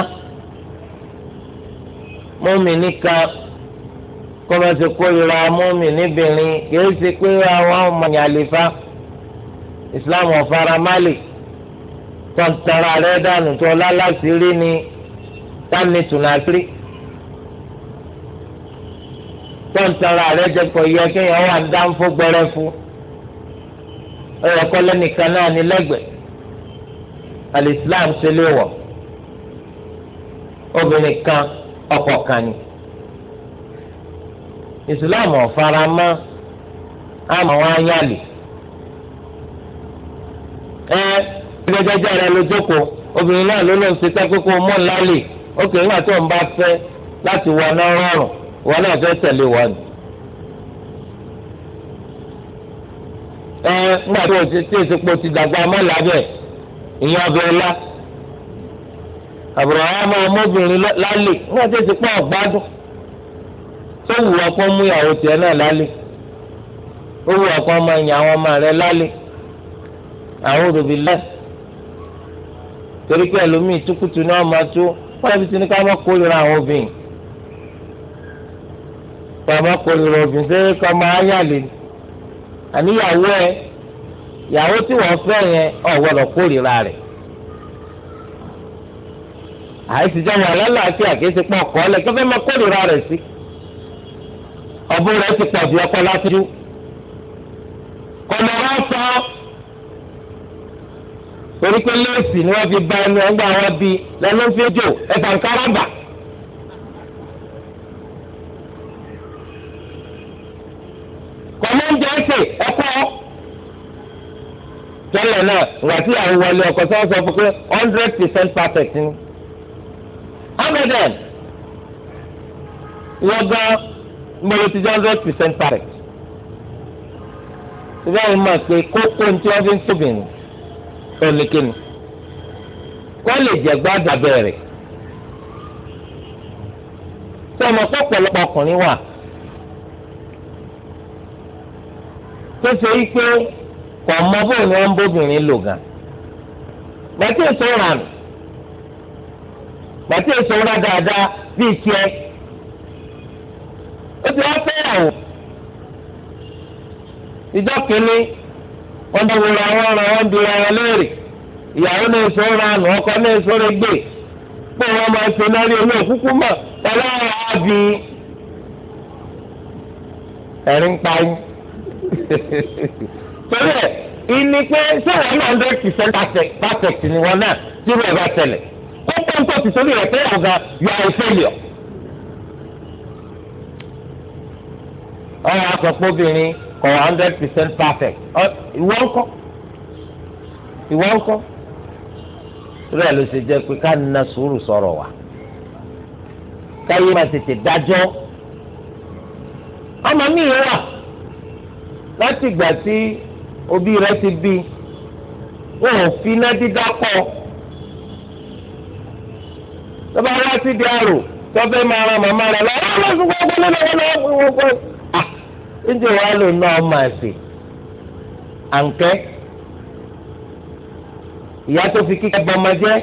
mọ́mì nìkan kọ́mẹ́sì kórìíra mọ́mì níbìnrin kìí ṣe pé àwọn ọmọ ìyàlẹ́fà islam ọ̀faramálì tọ́ntara rẹ̀ dànù tó lálásìírí ni tánitùnàsírí. tọ́ǹtara rẹ jẹ kọ yẹ kéèyàn wà ń dáńfó gbẹrẹ fún ọ̀yọ̀kọ́ lẹ́nìkan náà ní lẹ́gbẹ̀ẹ́ alìsílám ṣe lè wọ̀ obìnrin kan ọkọ kan ni ìsìláàmù ọ̀faramọ́ àmọ́ wọn á ẹ ẹgbẹ́jẹjẹ rẹ ló jókòó obìnrin náà ló lóun ṣe ńlá lè tó wọn náà fẹ́ tẹ̀lé wọn ni. ẹ nígbà tó o ti tí èsì pò ti dàgbà mọ́lá bẹ́ẹ̀ ìyẹn ọbẹ̀ ọlá àbúrò ọmọbìnrin lálẹ́ nígbà tó o ti pọ̀ gbádùn tó wù ọkọ mú ìyàwó tiẹ̀ náà lálẹ́ ó wù ọkọ ọmọ ìyàn àwọn ọmọ rẹ̀ lálẹ́ àwọn òdòbí lẹ́ẹ̀ torí pé ẹlòmíì túkùtù ni wọ́n máa tó wọ́n tọmọ kò lè rọbìn sí kọ máa yàlè àníyàwó ẹ yàwó tí wọ́n fẹ́ yẹn ọ̀gbọ́dọ̀ kórìíra rẹ̀ àìsíjọ́ wọn lálàáfíà kì í ti pọ̀ kọ́ lẹ̀ kẹfẹ́ máa kórìíra rẹ̀ sí ọ̀bùn rẹ̀ ti pọ̀ ju ọkọ láfíjú kọ̀mọ̀ wá sọ torí pé lẹ́sìn ni wọ́n fi ba ẹnu ẹgbẹ́ àwọn bíi lẹ́nu fi jò ẹ̀fà ń tẹ́lẹ̀ náà ìgbà tí àwọn wọlé ọkọ̀ sọ́wọ́ sọ fún pé hundred percent perfect ni. amadan wọ́n gbọ́ mbọ́lọ́ ti jẹ́ hundred percent perfect. ìgbà yìí máa pe kókó ní tí wọ́n fi ń tóbìnrin ẹnikẹ́ni kọ́ lè jẹ́ gbádùn abẹ́rẹ́ tí ọmọ pọ̀pọ̀lọpọ̀ ọkùnrin wà tó ṣe yí pé kò mọ bóun ni wọn bóbìnrin lò gan gbàtí èso rànù gbàtí èso rà dáadáa bíi tiẹ̀ ó ti wá fẹ́yàwó ìjọ kìíní wọn bá wúra wọn ra wọn bí ara léèrè ìyàwó náà èso rànù ọkọ náà èso rẹ gbé pé wọn máa ṣe náà rí omi òkúkú mọ pẹ̀lú àwọn àbí ẹ̀rín pa yín. pẹ̀lú ẹ̀ ìní pé sẹ́wọ̀n one hundred percent perfect ni wọn náà tí wọ́n bá tẹ̀lé ó kọ́ ń tọ́sí sórí rẹ̀ pé ọ̀gá you are a failure. ọ̀rọ̀ àpapọ̀ obìnrin kọ̀ one hundred percent perfect ìwọ ń kọ́ ìwọ ń kọ́ rẹ̀ ló ṣe jẹ́ pé ká nà sùúrù sọ̀rọ̀ wa káyé máa tètè dájọ́ ọmọ mi wà láti ìgbà tí òbí rẹ ti bí wọn ò fi iná dídá pọ̀ tọ́ba wá sí di àrò tọ́fẹ́ máa ra màmá rẹ lọ wọ́n ah, lọ́sùn gbọ́dọ̀ lọ́wọ́ lọ́wọ́ wọ́n kọ́ ah, ǹjẹ́ wàá lò ná ọmọ àṣẹ àǹkẹ́ ìyá tó fi kíkẹ́ bọ́mọ jẹ́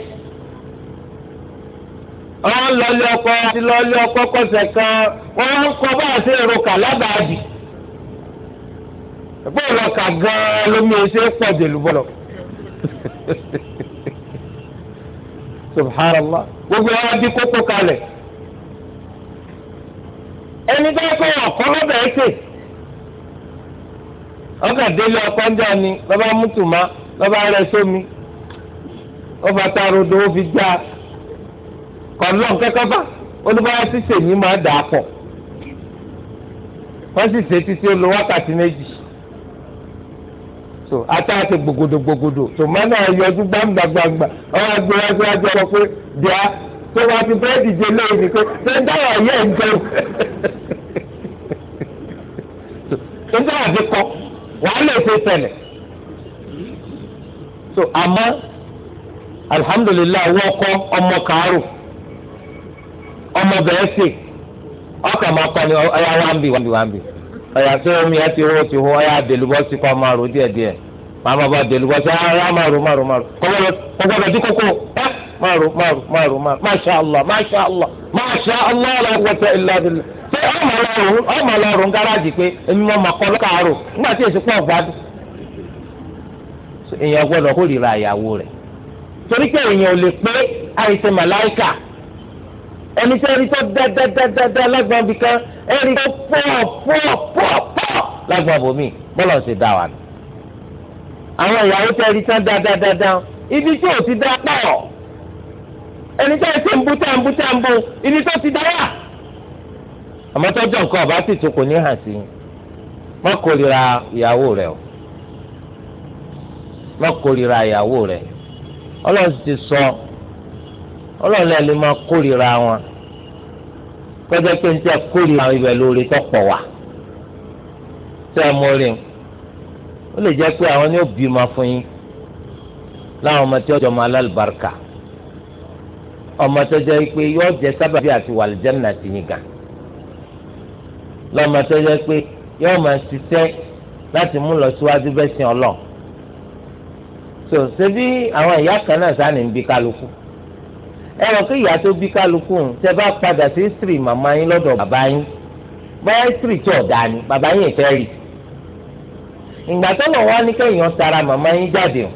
ọ̀hún lọ́ọ́lẹ́ ọkọ àti lọ́ọ́lẹ́ ọkọ kọ̀ọ̀sẹ̀ kan wọ́n ń kọ́ bá àṣẹ èrò kà lábàá dì. bọ́ọ̀lù ọkà gan-an lómi ẹsẹ̀ pọ̀ jèlú bọ́lọ̀ subhanallah gbogbo ẹwà di kókó kalẹ̀ ẹni bá kọ́ ọ̀kọ́ lọ́bẹ̀ ẹ̀sẹ̀ ọkà délé ọkọ ń jà ni lọ́ba mútùmá lọ́ba rẹ sómi ọba tarodo ó fi já kọ̀ọ̀lọ́ kẹ́kọ́ olùbáyà sísè ní máa dà á sì títí so gbogodo gbogodo gbogbodò tòmánà yọjú gbangba gbangba ọwọ́ gbé wájú wájú ọ̀rọ̀ pé bíà tó wá ti bẹ́ẹ̀ dìje lóyún ni pé ṣé ń yẹ ń jẹun ṣé ń fi kọ́ wàá lè ṣe so alihamudulilayi ọmọ kàárò ọmọ bẹ̀rẹ̀ sè ọkà máa kọ́ ni ọ̀ya ń bì ń bì ń bì. ọ̀yà pé omi ẹ ti hó ti hó ọ̀yà dèlúbọ́sì kọ́ máa rò díẹ̀díẹ̀ màá máa bá dèlúbọ́sì ah, ọ̀yà máa rò máa rò máa rò kọ́gbọ́dọ̀ dín kókó ẹ́ máa rò máa rò máa rò máa rò allah allah ṣé ọmọ gáràjì pé èmi máa máa nígbà tí èsì pọ̀ gbádùn. èèyàn gbọ́dọ̀ torí pé èèyàn ò lè pé àìsè màláìkà ẹni tí ẹni tó dẹ́dẹ́dẹ́dẹ́ lẹ́gbọ̀n bí kan ẹni tó pọ̀ pọ̀ pọ̀ pọ̀ lẹ́gbọ̀n bòmí bọ́lá ṣe dá wa. àwọn ìyàwó tí ẹni tán dáadáa ibi tí ò ti dá pọ̀ ẹni tí ẹni tí ń bú tá ń bú tá ń bú ibi tó ti dá wà. àmọ́ tọ́jọ́ nǹkan ọ̀bá sì tún kò ní hàn sí i má ìyàwó rẹ o má kórìíra ìyàwó rẹ ọlọ́run ti sọ. So, ọlọ́run náà lè máa kórìíra wọn pẹ́pẹ́ pé ní tí a kórìíra ibẹ̀ lóore tó pọ̀ wá tẹ́ ẹ mórí o ó lè jẹ́ pé àwọn ní òbí máa fún yín láwọn ọmọ tí ọjọ́ máa lálùbáríkà ọmọ tó jẹ́ pé yóò jẹ́ sábàbí àti wàlìjẹ́nà ti yín gan lọ́mọ tó jẹ́ pé yóò máa ṣiṣẹ́ láti mú lọ síwájú bẹ́sìn ọlọ́ọ̀ tó ṣe bí àwọn ìyá kan náà sáà ní bí kálukú. ẹ lọ pé ìyá tó bí kálukú tẹ bá padà sí history màmá yín lọ́dọ̀ bàbá yín báyà history tí ọ̀dà ni bàbá yín ìfẹ́ rí ìgbà tó lọ wá ní kẹ́yìn tara màmá yín jáde o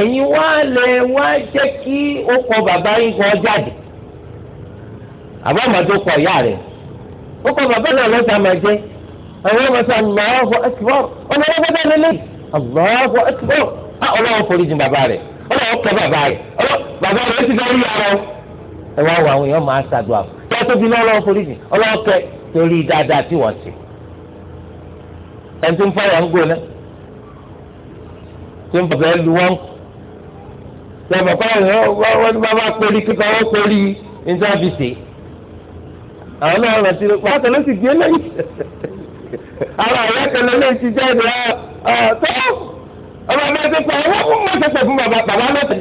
ẹ̀yin wá lẹ wá jẹ́ kí ó kọ bàbá yín gan jáde àbá kọ ìyá ó kọ bàbá náà máa àwọn ọlọ́wọ́ kọ́ bàbá yìí ọlọ́ bàbá rẹ̀ ti fẹ́ rí ara o. ẹ wá wọ àwọn èèyàn máa ṣàdúrà fún kí wọ́n tóbi náà lọ́wọ́ foríjì ọlọ́wọ́ kẹ torí dáadáa tí wọ́n ṣe. ẹni tó ń fọyà ń gbóná tó ń bàbá lu wọn. sọ̀rọ̀ bàbá wọn ni bàbá pẹ̀lú kíkọ́ wọn pẹ̀lú ìjọ́bìsì. àwọn náà rántí pàtó ló sì gbé lẹ́yìn. ara àwọn ẹ̀kẹ́ lọ́lẹ́ ọmọ mi ti pẹ́ ẹ wọ́n mọ̀ sẹ́sẹ̀ fún bàbá bàbá lọ́sẹ̀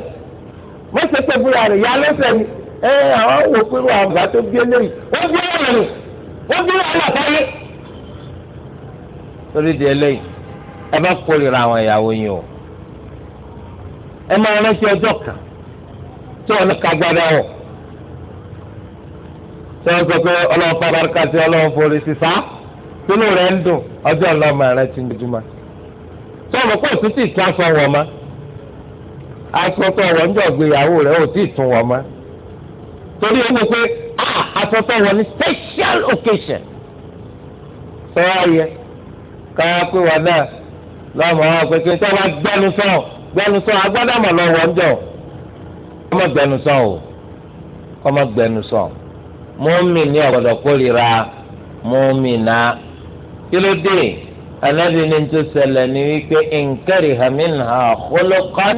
mọ̀ sẹ́sẹ̀ fún yàrá ìyá lọ́sẹ̀ ni ẹ àwọn wò pé wọn àbá tó gbé lẹ́yìn wọ́n gbé wọn rìn wọ́n gbé wọn àbáyé. torí di eléyìí ẹ bá kórìíra àwọn ìyàwó yín o ẹ máa rántí ọjọ́ kan tí wọn ká gbádùn ọ tí wọn sọ pé ọlọ́wọ́ fún abárúkà sí ọlọ́wọ́ fún orí sísá tínú rẹ̀ ń dùn ọjọ́ ńlọ́mọ rẹ̀ ti ń dùn sọ̀rọ̀ kó o tún ti tún aṣọ wọn ma aṣọ tó wọn ń jọ gbéyàwó rẹ̀ ò tí ì tún wọn ma torí ó pé ah, aṣọ tó wọn ní special occasion sọ̀rọ̀ ayẹ káyà pé wọn náà lọ́mọ àwọn pẹ̀kẹ́ tó wọn gbẹnu sọ̀ gbẹnu sọ̀ agbádàmọ̀ lọ́wọ́ ń jọ ọmọ gbẹnu sọ̀ o ọmọ gbẹnu sọ̀ mọ́mì ní ọ̀gọ̀dọ̀ kórìíra mọ́mì náà kí ló dé anabi ní tó ṣẹlẹ̀ ní wípé nkẹ́rì hàmínà khuluqan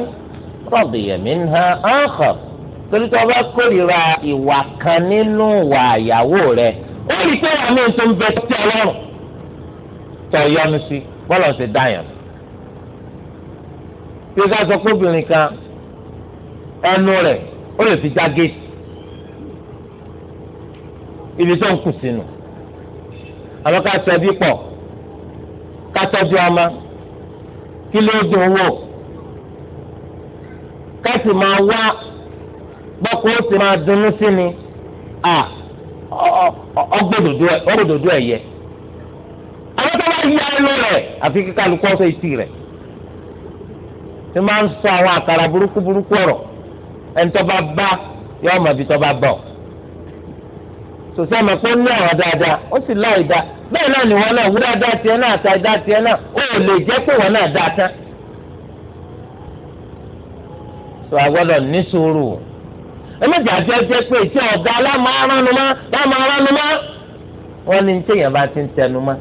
radiya minha akhar torí tó bá kórìíra ìwà kan nínú ìwà àyàwó rẹ̀ ó rí pé àmì tó ń bẹ sí ọlọ́run tó yọnu sí bọ́lá ṣe dáyàn. bí ká sọ pé obìnrin kan ẹnu rẹ̀ ó lè fi já géètì ibi tó ń kù sínú àwọn ká sọ ẹbí pọ̀ kátọ́jú ọmọ kí ló dùn wò kẹ́sì máa wá bọ́kú ó sì máa dunnú sí ni à ọgbọ́dọ̀dọ̀ ẹ̀ yẹ. àwọn tó bá yá ẹnu rẹ̀ àfi kíkà lukú ọ̀sẹ̀ ìtì rẹ̀ tí máa ń sọ àwọn àkàrà burúkú burúkú ọ̀rọ̀ ẹni tó bá bá yọ ọmọ ibi tó bá bọ̀. sòsì àmọ́ pé ó ní si dáadáa ó sì láì dáa bẹ́ẹ̀ náà ni wọn náà tiẹ̀ náà àti tiẹ̀ náà ó lè jẹ́ pé wọn náà tán. sọ ní sùúrù pé ìṣe ọ̀gá wọn bá ti ń tẹnumá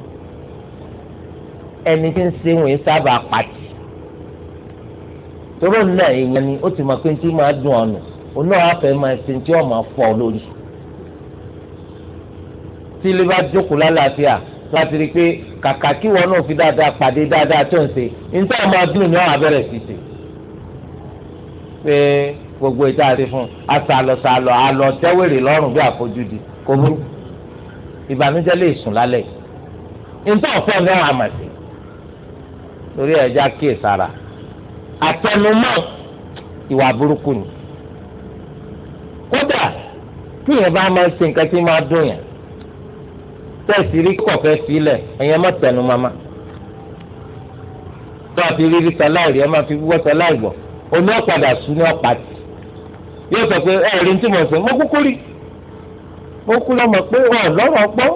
ẹni tí ń wọn sábà pàtì náà èèyàn ni ó ti pé tí máa dùn ọ̀nà máa ọ lórí. tí ilé bá jókòó lálàáfíà láti rí i pé kàkà kí wọn náà fi dáadáa pàdé dáadáa tó ń ṣe nítorí ọmọ ọdún ni wọn abẹ́rẹ́ sí ṣe pé gbogbo ìta àti fún asàlọsàlọ àlọ tẹwèrè lọ́rùn bí àfojúdi kò burú ìbànújẹ́ lè sùn lálẹ́ nítorí ọ̀fẹ́ náà àmàṣe lórí ẹja kíyè sára àtẹnumọ́ ìwà burúkú ni kódà tí yẹn bá máa ṣe nǹkan tí máa dùn yẹn tẹ́sí rí kọ̀fẹ́ sílẹ̀ ẹ̀yẹ má tẹnu mama tó a fi rírí má fi wíwọ́ sáláì omi ọ̀padà sùn ní ọ̀pàtì yóò sọ pé rí ní tí mo sọ mo kúkú rí mo kú lọ́mọ pé wọn lọ́rọ̀ gbọ́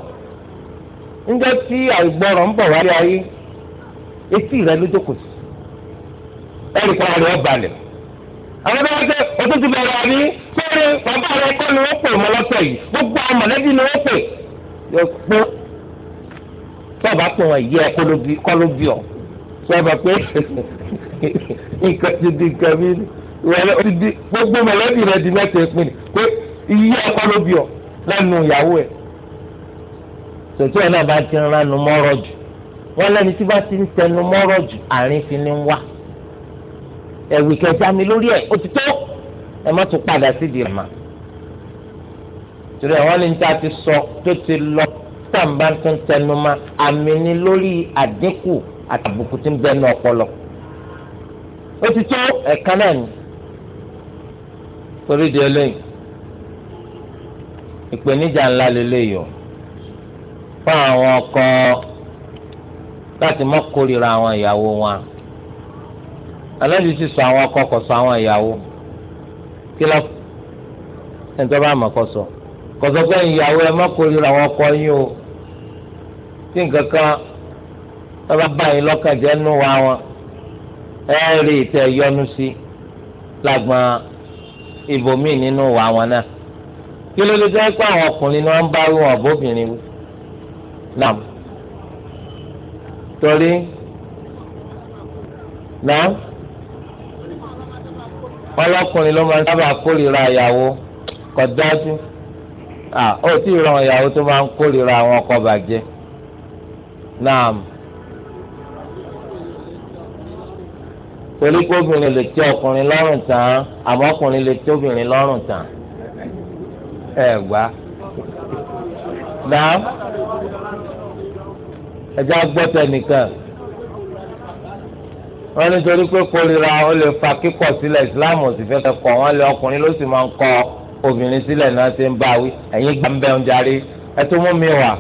níjọ́ tí àìgbọ́rọ̀ bọ̀ wá ayé etí rẹ ló jókòó sí ẹ̀rí kan rẹ̀ balẹ̀ àwọn ọmọ ẹgbẹ́ bẹ̀rẹ̀ àbí yẹ kpó sọba pọ̀ wọn yẹ kọlóbi ọ sọba pé nǹkan ti di nǹkan mi gbogbo mọ̀lẹ́bí rẹ di mẹ́ta ìpín pé iye kọlóbi ọ lẹ́nu ìyàwó ẹ̀ tòtí ẹ̀ náà bá ti ń ránu mọ́rọ̀ jù wọ́n lẹ́ni tí bá ti ń tẹnu mọ́rọ̀ jù àárín fi ni ń wá ẹ̀wì kẹta mi lórí ẹ̀ òtítọ́ ẹ̀ má tún padà sídìí ẹ̀ máa torí àwọn ní ta ti sọ tó ti lọ tàǹbà tó ń tẹnu ma àmì ni lórí àdínkù àtàbùkù tí ń bẹ ọpọlọ ó ti tó ẹ̀ka náà ni torí di eléyìí ìpèníjà ńlá lélẹ́yìí o fún àwọn ọkọ láti má kórìíra àwọn ìyàwó wọn aláàbí sì sọ àwọn ọkọ kò sọ àwọn ìyàwó kí lọ ẹni bá mọ̀ kó sọ kọsọpẹ ìyàwó ẹ má kórìíra àwọn ọkọ yín o tí nǹkan kan ẹ bá bá yín lọ́kàn jẹ́ nù wá wọn ẹ rí ìtẹ̀ yọnu sí lágbọn ibòmíì nínú wá wọn náà kí ló lè jẹ́ pé àwọn ọkùnrin ni wọ́n bá wí wọn bóbìnrin wí náà torí náà ọlọ́kùnrin ló máa ń sábà kórìíra ìyàwó kọ̀ dájú ó tí ì ràn ìyàwó tó máa ń kórìíra àwọn ọkọ bàjẹ́ náà torí pé obìnrin lè tẹ́ ọkùnrin lọ́rùn tán àmọ́ ọkùnrin lè tẹ́ obìnrin lọ́rùn tán ẹ gbá náà ẹjẹ agbọ́tẹ̀ nìkan wọ́n nítorí pé kórìíra ó lè fa kíkọ̀ sílẹ̀ ìsìláàmù sì fẹ́ kọ̀ wọ́n lé ọkùnrin ló sì máa ń kọ́ ọ obìnrin sílẹ̀ náà ṣe ń báwí ẹ̀yin gbà ń bẹ̀ ń jarí ẹ tó mú mi wá.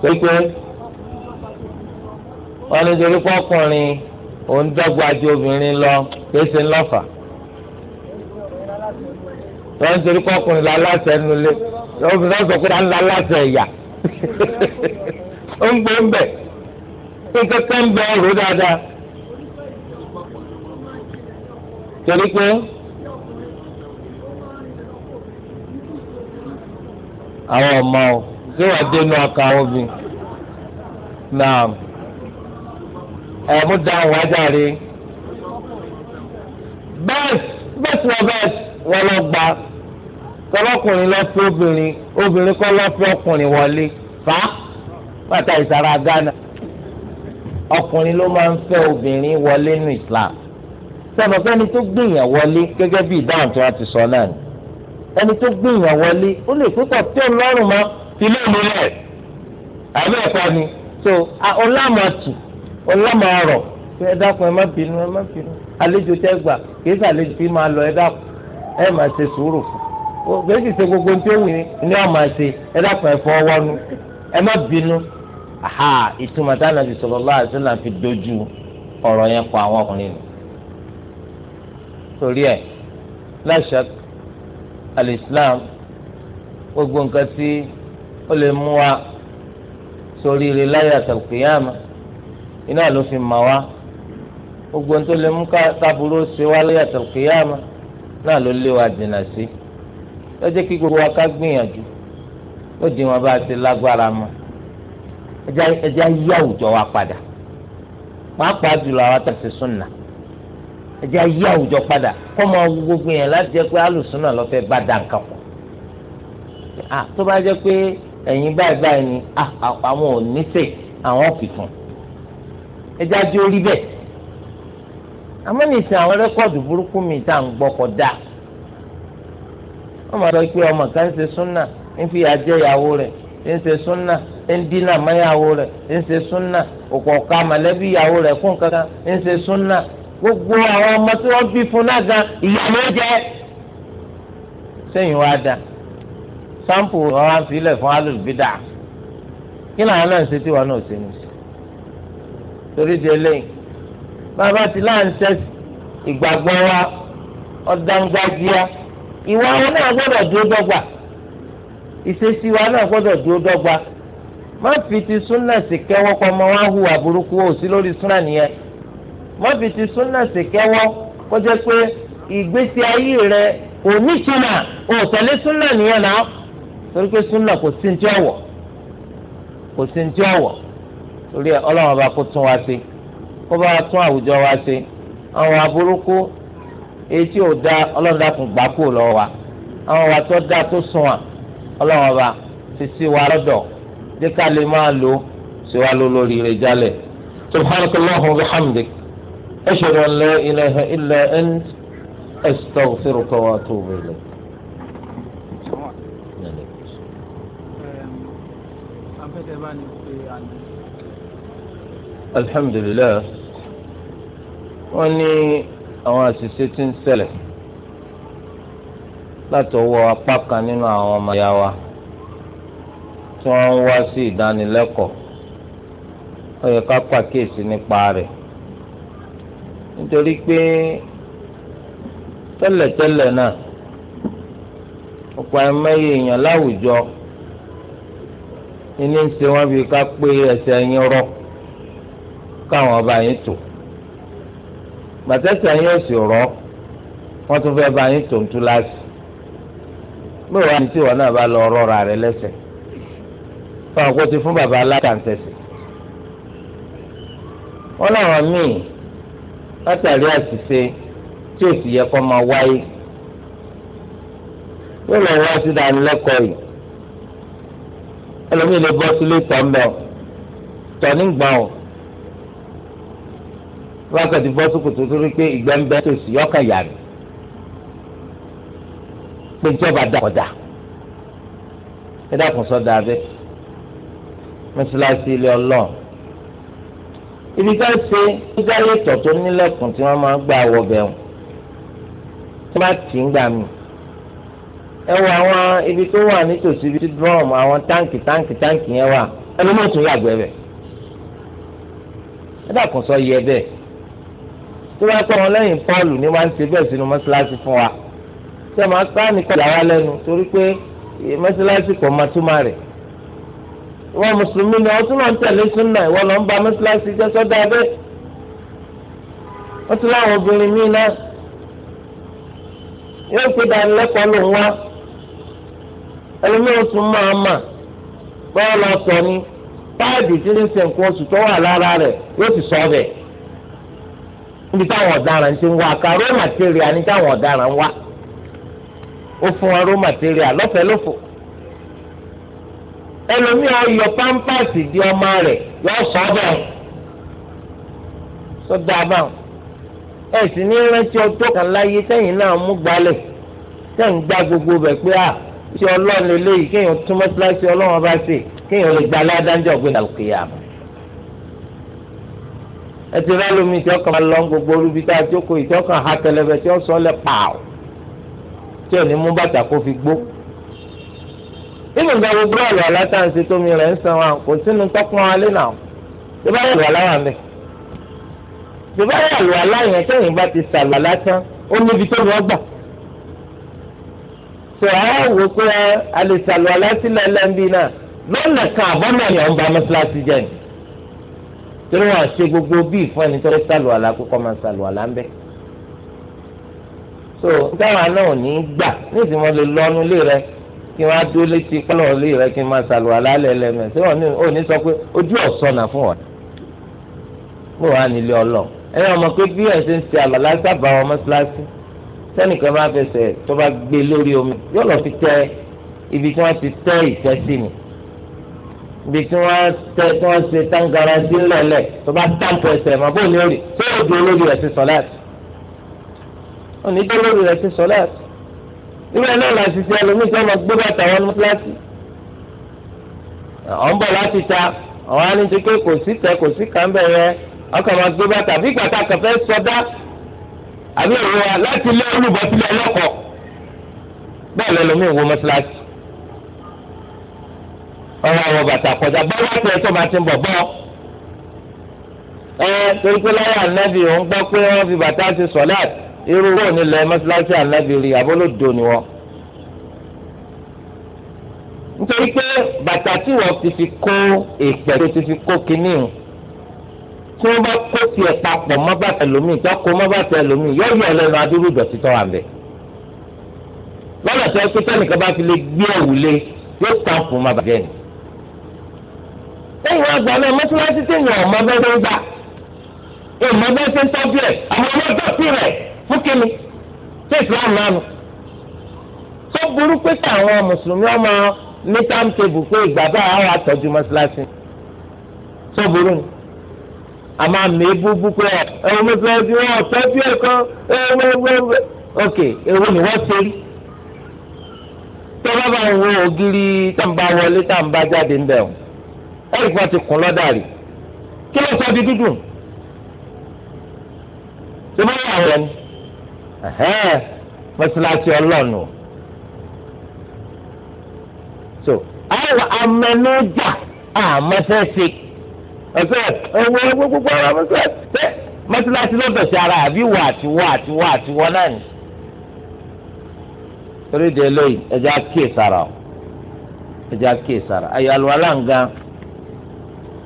pé pé wọ́n ní torí pọ́kùnrin òun dọ́gba ju obìnrin lọ kìí ṣe ńlọ́fà. wọ́n ní torí pọ́kùnrin la aláṣẹ nulẹ̀ obìnrin náà sọ pé à ń la aláṣẹ ẹ̀yà. ó ń gbé ń bẹ̀ pé kẹ́kẹ́ ń bẹ̀ ọ̀rọ̀ dáadáa. torí pé. àwọn ọmọ o ṣé wàá dénú ọkà wọn bí náà ẹ mú best wájà náà wọn lọ gba tọlọkùnrin lọ fi obìnrin obìnrin lọ fi ọkùnrin wọlé fa pátá ìsara Ghana ọkùnrin ló máa ń fẹ́ obìnrin wọlé ní Islam sọ̀rọ̀ fẹ́ni tó gbìyànjú wọlé gẹ́gẹ́ bí ìdáhùn tí sọ náà ẹni tó gbìyàn wọlé ó lè pípọ̀ tó lọ́rùn mọ́ ilé ìlú rẹ̀ àbẹ́ ẹ̀kọ́ ni so ọlámàtù ọlámàrọ̀ ẹ dákun ẹ má bínú ẹ má bínú àlejò tẹ gbà kì í sàlejò tí máa lọ ẹ dákun ẹ má ṣe sùúrù fún gbèsè ṣe gbogbo tí ó wù ní ọmọ ṣe ẹ dákun ẹ fọwọ́ nu ẹ má bínú aha ìtumọ̀ táwọn àti sọ̀rọ̀ lọ́wọ́ àti sọ̀rọ̀ fi dojú ọ̀rọ̀ yẹn pa àwọn ọkùnrin nù torí ẹ láṣà alislam gbogbo nǹkan tí ó lè mú wa sórí ire láyé àtàlùkìyàmà iná ló fi mà wá gbogbo nǹkan tó lè mú káburú ṣe wá láyé àtàlùkìyàmà náà ló lé wa dènà sí ló jẹ́ kí gbogbo wa ká gbìyànjú ó di wọn bá ti lágbára mọ́ ẹjẹ́ ayé àwùjọ wa padà pàápàá jùlọ àwọn àtàkùn sí ẹjẹ ayé àwùjọ padà kọ́ máa wú gbogbo yẹn láti jẹ́ pé alùsùn náà lọ́fẹ́ bá dà nǹkan pọ̀ tó bá jẹ́ pé ẹ̀yin báyìí báyìí ni àwọn ò ní sè àwọn ò fi fún ẹjẹ ajé orí bẹ́ẹ̀ àmọ́ nìsín àwọn rẹ́kọ̀dù burúkú mi tá à ń gbọ́ kọ dáa wọ́n máa lọ pé ọmọ kan ń ṣe súnà ń fi àjẹ́ ìyàwó rẹ̀ ń ṣe súnà ń dínà mọ́ rẹ̀ ń ṣe súnà òkò ọ̀ka mọ̀lẹ́bí ìyàwó rẹ̀ fún kankan ń ṣe súnà gbogbo àwọn ọmọ tí wọ́n bí fún náà gan ìyá ló jẹ́ sẹ́yìn wá dá sáǹpù ọ̀rọ̀ àfilẹ̀ fún alùbídà kí làwọn náà ń ṣe tí wọn náà ṣe mú sí torí di eléyìí bàbá tí láǹṣẹ́ ìgbàgbọ́ wa ọ̀dàǹgbàjìá ìwà wa náà gbọ́dọ̀ dúró dọ́gba ìṣesí wa náà gbọ́dọ̀ dúró dọ́gba má fi ti súnà sí kẹ́wọ́ pọ̀ wá hùwà burúkú òsí lórí súnà nìyẹn. mọ́bì ti súnà ṣèkẹ́wọ́ kó jẹ́ pé ìgbésí ayé rẹ kò ní ìtumà ò tẹ̀lé súnà nìyẹn náà torí pé súnà kò sí ní ọ̀wọ̀ kò sí ní ọ̀wọ̀ torí ẹ ọlọ́run kó tún wa ṣe kó bá tún àwùjọ wa ṣe àwọn aburúkú èyí ò da ọlọ́run dákun gbà kú lọ́wọ́ wa àwọn wa tó da tó sùn wa ọlọ́run ọba ti sí wa lọ́dọ̀ dé ká lè máa lò ó sí wa lólórí rẹ̀ jálẹ̀ subhanakallahumma wa bihamdik. أشهد أن لا إله إلا أنت أستغفرك وأتوب إليك الحمد لله wọ́n ní àwọn àṣìṣe tí ń ṣẹlẹ̀ láti ọwọ́ apá kan nínú àwọn ọmọ ya wa tí wọ́n ń wá sí ìdánilẹ́kọ̀ọ́ ó yẹ ká pàkíyèsí nípa rẹ̀ nítorí pé tẹ́lẹ̀tẹ́lẹ̀ náà ọ̀pọ̀ ẹ̀mẹ́yẹ èèyàn láwùjọ ní ń ṣe wọ́n bíi ká pé ẹsẹ̀ yín rọ káwọn ọba yín tò gbàtẹ́sẹ̀ yín ò sì rọ wọ́n tún fẹ́ bá yín tò ń tú láti bí wàá ní tí wọn náà bá lọ rọra rẹ lẹ́sẹ̀ fún àkótí fún bàbá alákàntẹ̀sẹ̀ wọ́n láwọn míì látàrí àṣìṣe tí ò sì yẹ kó máa wáyé wọ́n lọ wá sí ìdánilẹ́kọ̀ọ́ yìí ẹlòmíì lè bọ́ sílé tọ́ ń bẹ̀ tọ́ ní gbà ọ́ wákàtí bọ́ sókò tó torí pé ìgbẹ́ ń bẹ́ tó sì yọ́kàn yà mí pé ìjọba dà ọ̀dà ẹ dákun sọ́dà abẹ́ mọ́sálásí ilé ọlọ́run ibi ká ṣe gbígbá yẹtọ̀ tó nílẹ̀kùn tí wọ́n máa gbà wọ bẹ̀rù tí wọ́n bá tì ń gbà mí. ẹ wọ àwọn ibi tó wà nítòsí ibi tí drum àwọn táǹkì táǹkì táǹkì yẹn wà ẹni mọ̀ tún yàgbẹ́ bẹ̀. ẹ dàkún sọ yẹ bẹ́ẹ̀ tí wọ́n pẹ́ wọn lẹ́yìn Pọ́ọ̀lù ni wọ́n á ń ṣe bẹ́ẹ̀ sínú mọ́ṣáláṣí fún wa. tí wọ́n máa ká nìkan yà torí pé mọ́ṣáláṣí kò máa túmọ̀ rẹ̀ wọn mùsùlùmí ni wọn tún lọ ń tẹ̀lé súnà ìwọ lọ ń ba mọ́sálásí jẹ́ sọ́dá abẹ́ wọ́n tún láwọn obìnrin míì náà yóò fi dánilẹ́kọ̀ọ́ ló ń wá ẹlòmíràn ni páàdì tí ń ṣe oṣù tó wà lára rẹ̀ yóò ti sọ ọbẹ̀ níbi táwọn ọ̀daràn ti ń wá ká ẹlòmíì ọyọ pampasi di ọmọ rẹ yọ sọdọ sọdọ abáwọn ẹ sì ní rántí ọjọ́ kan láyé sẹ́yìn náà mú gbalẹ̀ sẹ́yìn gba gbogbo bẹ̀ pé à ṣe ọlọ́run eléyìí kéèyàn tún mọ́síláṣí ọlọ́run bá ṣe kéèyàn lè gba aládájọ́ ọ̀gbìn àlùkìyà mọ́. ẹ ti rẹ́ lómi tí ọkàn máa lọ gbogbo olúbi tá a jókòó ìtọ́kàn ha tẹlẹfẹ tí ó sọ lẹ́ pààwọ̀ tí ò ní mú bàtà kó fi gbó nínú ìgbàgbọ́ búrọ́ọ̀lù alátàǹsí tómi rẹ̀ ń san wa kò sínú tọ́kùn alẹ́ náà tó bá yàrá wà mẹ́. tó bá yàrá aláyẹn tẹ̀yìn bá ti sàlù alátán ó níbi tó lọ́ gbà. tó àwọn wò pé a lè sàlù alásílẹ̀ lẹ́ńbí náà lọ́nà kan àbọ̀nà ni ọ̀n ba mọ́sálásí jẹ́ ni. torí wọn ṣe gbogbo bíi fún ẹni tó fẹ́ sàlù àlá kó kọ́ máa sàlù àlá ń bẹ́. so nígbà náà ò ní gbà ní kí wọn á dúró létí pálọ̀ ilé rẹ kí n máa sàlù alálẹ̀ lẹ́mẹ̀ ṣé wọn ò ní sọ pé ojú ọ̀sọ́nà fún wọn. bó wàá nílé ọlọ ẹ̀yin ọmọ pé bí ẹ̀sìn ń ṣe àlọ́lá sábà wọn mọ́ṣáláṣí sẹ́nìkan bá fẹsẹ̀ tó bá gbé lórí omi yóò lọ fi tẹ ibi tí wọ́n ti tẹ ìtẹ́ sí ni ibi tí wọ́n tẹ tí wọ́n ṣe táǹgàrà sí ńlẹ̀lẹ̀ tó bá tàǹpù ẹsẹ̀ mọ́ bó ní orí tó yóò dúró lórí rẹ̀ sí sọ́láàtì níbẹ̀ náà là ṣiṣẹ́ ẹlòmíì sọ́nà gbé bàtà wọn ní kíláàsì ọ̀ ń bọ̀ láti ta àwọn aníjẹ pé kò sí tẹ kò sí kàńbẹ̀ yẹn ọkọ̀ máa gbé bàtà bí gbàtà kẹfẹ́ sọdá àbí òun wa láti lé olùbọ̀sílẹ̀ ọlọ́kọ̀ bẹ́ẹ̀ lẹ́lòmíì wo mọ́sálásì ọ̀rọ̀ àwọn bàtà kọjá bá wà pé ẹ̀tọ́ bá ti bọ̀ bọ́ ẹ torí pé láyà nẹ́bí òun gbọ́ pé wọ́n fi bàtà ti sọ̀láàtì irú wo ni lẹ mọ́sálásí ànábìrì abólódò ni wọ́n. nítorí pé bàtà tí wọ́n ti fi kó ìpẹ́ tó ti fi kó kínní o tí wọ́n bá kó tiẹ̀ papọ̀ mọ́ bàtà lómi ìtọ́kọ mọ́ bàtà lómi yóò yọ lẹ́nu adúrú ìdọ̀tí tọ́ wà bẹ́ẹ̀. lọ́nà tí wọ́n pé tẹ́nìkan bá fi lè gbé òwúlé yóò tàn fún ma bàjẹ́ ni. lẹ́yìn àgbà náà mọ́sálásí tẹ̀yìn ọ̀mọ́ bẹ́ẹ̀ ń gbà ọ̀mọ́ bẹ́ẹ̀ ń tọ́jú fún kíni ṣé islam náà nù. tó burú pé káwọn mùsùlùmí ọmọ ní táǹtẹ̀bù pé ìgbà báyà á wà tọ́jú mọ́ṣáláṣí tó burú ni àmọ́ àmì ebúbú pé ẹ̀rọ mọ́ṣáláṣí wọn ọ̀tọ́ bí ẹ̀kọ́ ẹ̀wẹ̀wẹ̀wẹ̀ ok èwo ni wọ́n ṣe rí tọ́lá bá ń wo ògiri tàǹbà wọlé tàǹbà jáde ń bẹ̀ ọ́ ẹ̀rì kan ti kún lọ́dà rí kí ló sọ di dúdú ṣé bá wà wọ́n ni. mọ́sálásí ọlọ́nu. so àwọn amẹnujà àmọ́sẹ́sì ọ̀sẹ̀ ọ̀wọ́ gbogbo ọ̀rọ̀ mọ́sálásí mọ́sálásí ló bẹ̀sẹ̀ ara àbí wà àtiwọ́ àtiwọ́ àtiwọ́ náà ni. torí de lóyìn ẹja kíì sára o ẹja kíì sára ayọ̀ àlùwà láǹgá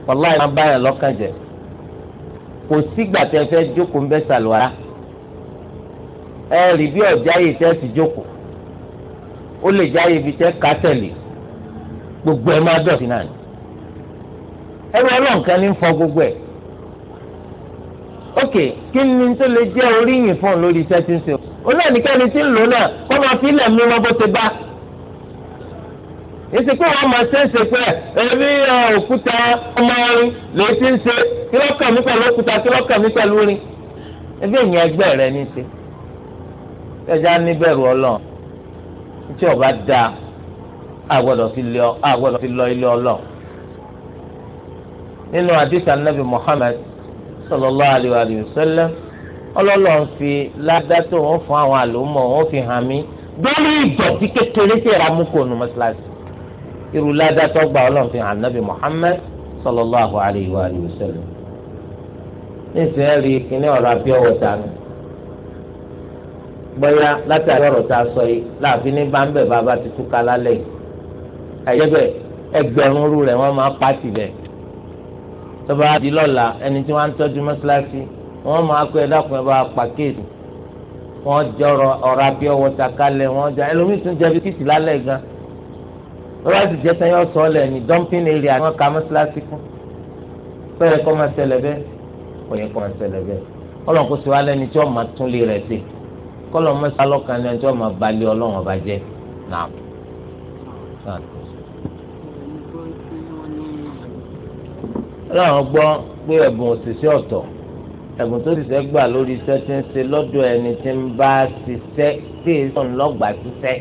wàláì máa bá yẹn lọ́kàn jẹ kò sígbà tẹ́ fẹ́ jókòó ń bẹ́ ẹ rí bí ọ̀já yìí tẹ́ ti jókòó ó lè jáyé ibi tẹ́ ká tẹ̀lé gbogbo ẹ máa dọ̀tí náà ni ẹrù ọlọ́nkan ní fọ gbogbo ẹ̀ ok kí ni tó lè jẹ́ oríyìn fún un lórí iṣẹ́ tí ń ṣe o náà nìkẹ́ni tí ń lò náà kọ́ máa fi ilẹ̀ mímọ́ bó ti bá èsì pé wọ́n máa ṣẹ́ǹṣe pé ẹbí òkúta ọmọ orin lè ti ń ṣe kí lọ́kàn mi pẹ̀lú òkúta kí lọ́kàn mi pẹ̀lú orin ẹbí èèyàn ẹgbẹ́ rẹ ní ṣe. ẹja níbẹ̀rù ọlọ́run tí ọba da àgbọ̀dọ̀ fi lọ ilé ọlọ́run nínú àdìsá nàbì Muhammad sallallahu alayhi wa sallam ọlọ́lọ́run fi ládàtọ̀ wọn fún àwọn àlòmọ̀ wọn fi hàn mí lórí ìdọ̀tí kékeré tí ìrà mú kònú irú ládàtọ̀ gba ọlọ́run fi hàn nàbì sallallahu alayhi wa sallam nísìnyẹ́ rí kíní ọ̀rọ̀ dànù. bóyá látàrí ọ̀rọ̀ tá a sọ yìí láàfin ní bámbẹ̀ bàbá ti túká lálẹ́ yìí ẹ̀yẹ́bẹ̀ ẹgbẹ̀rún rú rẹ̀ wọ́n máa pàtì bẹ̀ tọ́ba di lọ́la ẹni tí wọ́n á ń tọ́jú mọ́ṣáláṣí wọ́n máa kó ẹ̀dá kan bá pàkéèdì wọ́n jẹ ọ̀rọ̀ abí ọwọ́ takalẹ̀ wọ́n jẹ ẹlòmíì tún jẹ bisikíìtì lálẹ́ gan wọ́n bá ti jẹ tán yọ sọ ní dumping area wọ́n ka mọ́ṣáláṣí kún fẹ́rẹ̀ kọ́ máa ṣẹlẹ̀ bẹ́ẹ̀ kò yẹ kọ́ máa ṣẹlẹ̀ bẹ́ẹ̀ ọlọ́run kò sí wa lẹ́ni tí wọ́n máa tún rẹ̀ sí kọ́lọ̀ mọ́sá lọ́kàn ní ọjọ́ máa balẹ̀ ọlọ́run ọba jẹ́ náà. ọlọ́run gbọ́ pé ẹ̀bùn òṣìṣẹ́ ọ̀tọ̀ ẹ̀bùn tó ṣiṣẹ́ gbà lórí iṣẹ́ tí ń ṣe lọ́dọ̀ ẹni tí ń bá ṣiṣẹ́ tí èso ńlọ́gbà ṣiṣẹ́.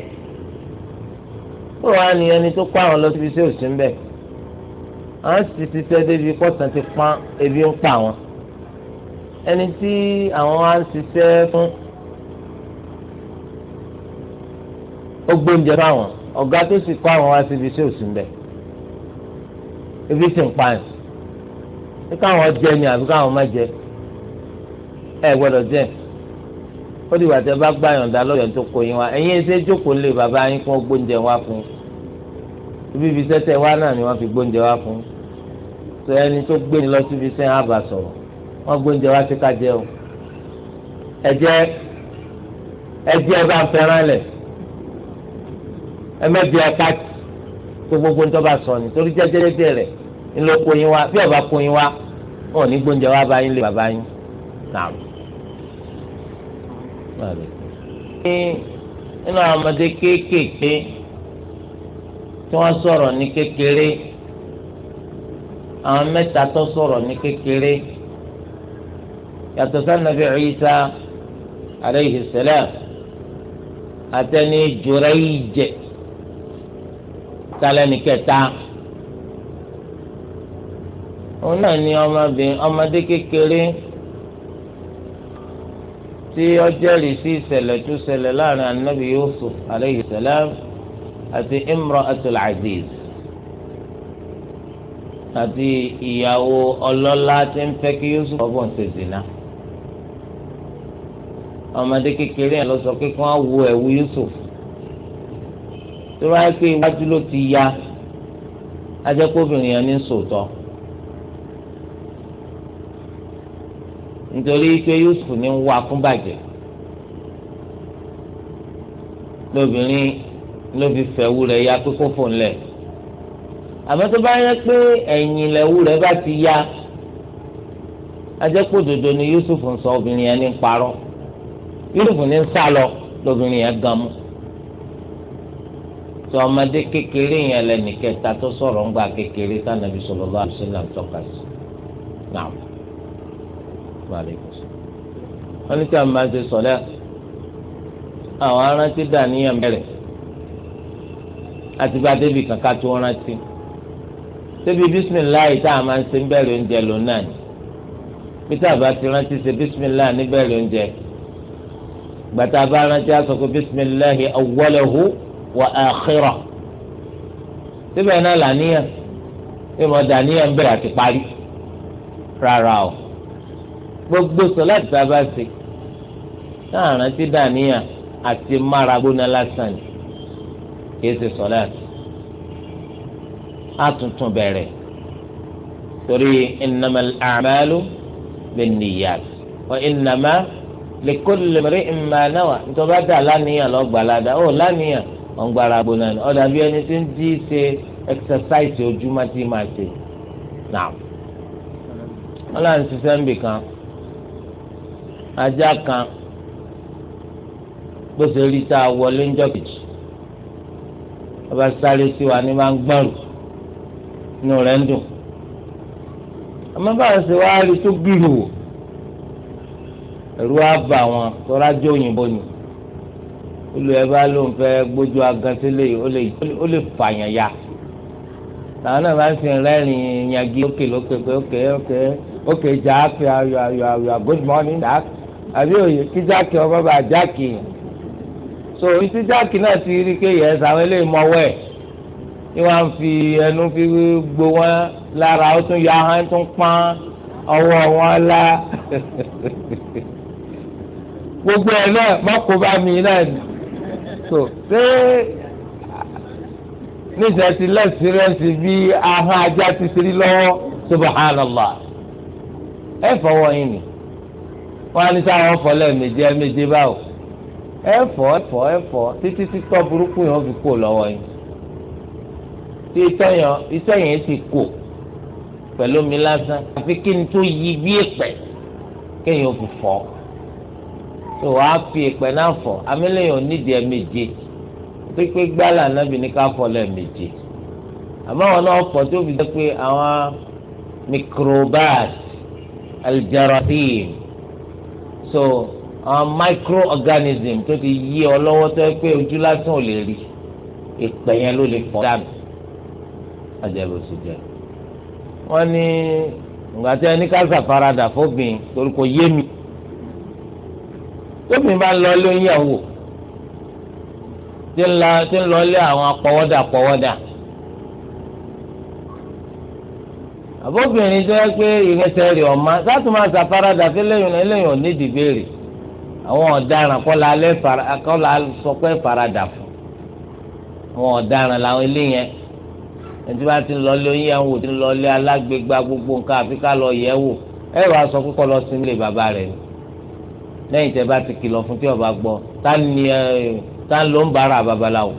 ó wá ní ẹni tó kó àwọn lọ síbi iṣẹ́ òṣìṣẹ́ ń bẹ̀ à ń sì ṣiṣẹ́ débi pọ̀sán ti pọ́n ebi ń pa àwọn ẹni tí àwọn á ń ṣiṣẹ́ fún ó gbóúnjẹ fáwọn ọ̀gá tó sì kọ́ àwọn wá síbi iṣẹ́ òsì ńbẹ ibi sì ń pààyàn ní káwọn jẹ ni àbí káwọn má jẹ ẹ gbọ́dọ̀ jẹ ó dìgbà tẹ bá gbàyàn dá lọ́yọ̀ tó kọ yín wá ẹ̀yin ẹsẹ̀ jókòó lé bàbá yín kó gbóúnjẹ wá fún ibi ibi sẹ́tẹ̀ wá náà ni wọ́n fi gbóúnjẹ wá fún tó ẹni tó gbé ni lọ síbi sẹ́yìn àbà sọ̀rọ̀ wọ́n gbóúnjẹ wá sí ká jẹ o ẹ̀jẹ̀ ẹ̀jẹ̀ bá fẹ́ràn lẹ̀ ẹmẹbi ẹka tó gbogbo nítorí bá sọ ni torí jẹjẹrẹ bẹ̀rẹ̀ ńlọ kó yín wá bí ọba kó yín wá wọn ò ní gbóúnjẹ wá bá yín lé bàbá yín náà. nínú àwọn ọmọdé kéékèèké tí wọ́n sọ̀rọ̀ ní kékeré àwọn mẹ́ta tó sọ̀rọ̀ ní kékeré yàtọ̀ sanabi Isa aleyhi salam àtẹni Jurayj talẹ́ni kẹta òun náà ni ọmọbìnrin ọmọdé kékeré tí ó jẹ́rìí sí ìṣẹ̀lẹ̀ tó ṣẹlẹ̀ láàrin anabi yusuf aleyhi salam àti imra'atul aziz àti ìyàwó ọlọ́lá tí ń fẹ́ kí yusuf ọgbọ̀n ṣe zina ọmọdé kékeré yẹn ló sọ pé kí wọ́n wo ẹ̀wù yusuf tó bá yẹ pé iwájú ló ti ya ajẹ́kọ́bìnrin yẹn ní sòótọ́ nítorí pé Yusuf ní ń wá fún bàjẹ́ lóbìnrin ló fi fẹ̀wù rẹ̀ ya pé kó fò ńlẹ̀ àmọ́ tó bá yẹ pé ẹ̀yìn lẹ̀wù rẹ̀ bá ti ya ajẹ́pọ̀ dòdò ni Yusuf ń sọ obìnrin yẹn ní parọ́ Yusuf ní ń sá lóbìnrin yẹn gan mú tó ọmọdé kékeré yẹn lẹ́nu kẹta tó sọ̀rọ̀ ńgbà kékeré sànàbí sallallahu alaihi wasallam tọ́ka sí náà wọ́n ní tí a máa ṣe sọ̀lẹ́ àwọn arántí dàníyàn bẹ̀rẹ̀ àti bá débi kankan tó rántí débi bísímìláì tá a máa ń ṣe ń bẹ̀rẹ̀ oúnjẹ lò náà ni pété àbá ti rántí ṣe bísímìláì níbẹ̀rẹ̀ oúnjẹ gbàtà bá rántí a sọ pé bísímìláì awwalahu. وآخرة. akhirah síbẹ̀ náà làníyàn bí mo dàníyàn bẹ̀rẹ̀ àti parí rárá o gbogbo sọláàtì tá a bá ṣe náà rántí dàníyàn àti mára gbóná lásán ni kìí ṣe sọláàtì á tuntun bẹ̀rẹ̀ torí innamal a'malu binniyat wa innama likulli imri'in ma nawa nítorí bá dà láníyàn lọ́gbàládà ó láníyàn wọn gbára gbóná ni ọ̀dà bí ẹni tí ń dí ṣe exercise ojúmọ́ tí máa ṣe náà wọn là ń ṣiṣẹ́ níbì kan ajá kan gbèsè rí tá a wọlé ńjọ́ kejì ọba sáré sí wa ní máa ń gbọ́rù inú rẹ̀ ń dùn àmọ́ báwo ṣe wá rí tó bírù wò ẹ̀rú á bà òyìnbó ni olú ẹ bá lóun fẹ́ gbójú agasílẹ ó lè fàyàn ya làwọn náà bá ń sin rẹ́rìn yagi lókè lókè pé ókè ókè ókè jáàkì ayọ̀ ayọ̀ ayọ̀ good morning jack àbí òye kí jáàkì ọmọ bá jáàkì so ibi tí jáàkì náà ti rí pé yẹ ẹsẹ àwọn eléyìí mọwọ ni wọn fi ẹnu fi gbó wọn lára ó tún ya hàn tún pọ́n ọwọ́ wọn la gbogbo ẹ náà mọkò bá mi náà ni so ṣé níṣẹ́ ti lẹ́sìrẹ́sì bí ahọ́n ajá ti ṣe rí lọ́wọ́ subhanallah ẹ fọwọ́ yín ni wọ́n á ní sáwọn fọ lẹ́ẹ̀mejì ẹ̀ẹ̀mejì báwo ẹ fọ ẹ fọ ẹ fọ títí títọ́ burúkú yẹn fi kó lọ́wọ́ yín iṣẹ́ yẹn ti kó pẹ̀lú mi lásán àfi kí n tó yí bí èpẹ̀ kéèyàn fi fọ́ ọ tó wà á fi ìpẹ́ náà fọ̀ amílẹ̀yìn onídìí ẹ̀mẹ̀je pípé gbálà nábì ní ká fọ̀ lẹ́ẹ̀mẹ̀je àmọ́ wọn náà fọ̀ tó fi jẹ́ pé àwọn microbes algeratin so àwọn microorganism tó ti yí ọ lọ́wọ́ tó yẹ pé ojú lásán ò lè rí ìpẹ́ yẹn ló lè fọ̀ dànù àjẹbù sì jẹ wọ́n ní ìgbà tí ẹni ká ṣàfaradà fóbìn torí kò yé mi tóbi máa ń lọ lé oníyàwó tí ń lọ tí ń lọ lé àwọn apọwọ́dà apọwọ́dà àbóbìnrin tó yẹ pé ìrìnsẹ̀ rẹ̀ ọ̀ma sátú máa ṣàfaradà sí lẹ́yìn lẹ́yìn òní ìdìbèrè àwọn ọ̀daràn kọ́lá alẹ́ kọ́lá sọ pé faradà fún àwọn ọ̀daràn làwọn eléyẹn ẹtí bá ti lọ lé oníyàwó tí ń lọ lé alágbègbà gbogbo nǹkan àfi ká lọ yẹ̀ wò ẹ wàá sọ pé kọ́ lọ sí ilé bàbá rẹ̀ ni lẹ́yìn tẹ́ bá ti kìlọ̀ fún tí ọba gbọ́ tá ni ẹ tá ló ń bára babaláwo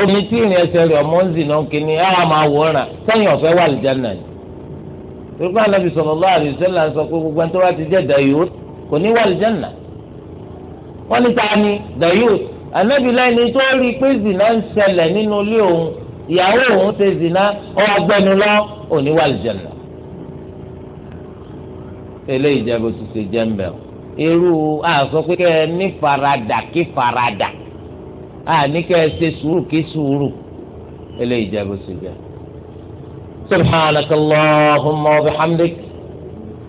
omi tí ìrìn ẹsẹ̀ rẹ̀ ọmọ ń zìnà kínní ẹ wà máa wò ọ̀ràn sẹ́yìn ọ̀fẹ́ wà lìjánà ni turkey anabi sallallahu alaihi wasallam sọ pé gbogbo ẹni tó bá ti jẹ́ dayot kò ní wà lìjánà wọ́n ní ta ni dayot anabi lẹ́ni tó rí pé zìnà ń ṣẹlẹ̀ nínú ilé òun ìyàwó òun ṣe zìnà ọ̀ òní wà lìjánà eléyìí jẹ́ bó ti ṣe jẹ́ ń bẹ̀rù irú àsọ pé kẹ́ ẹ ní faradà kí faradà àní kẹ́ ẹ ṣe sùúrù kí sùúrù eléyìí jẹ́ bó ti jẹ́. سبحانك اللهم وبحمدك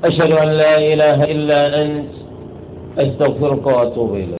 أشهد أن لا إله إلا أنت أستغفرك وأتوب إليك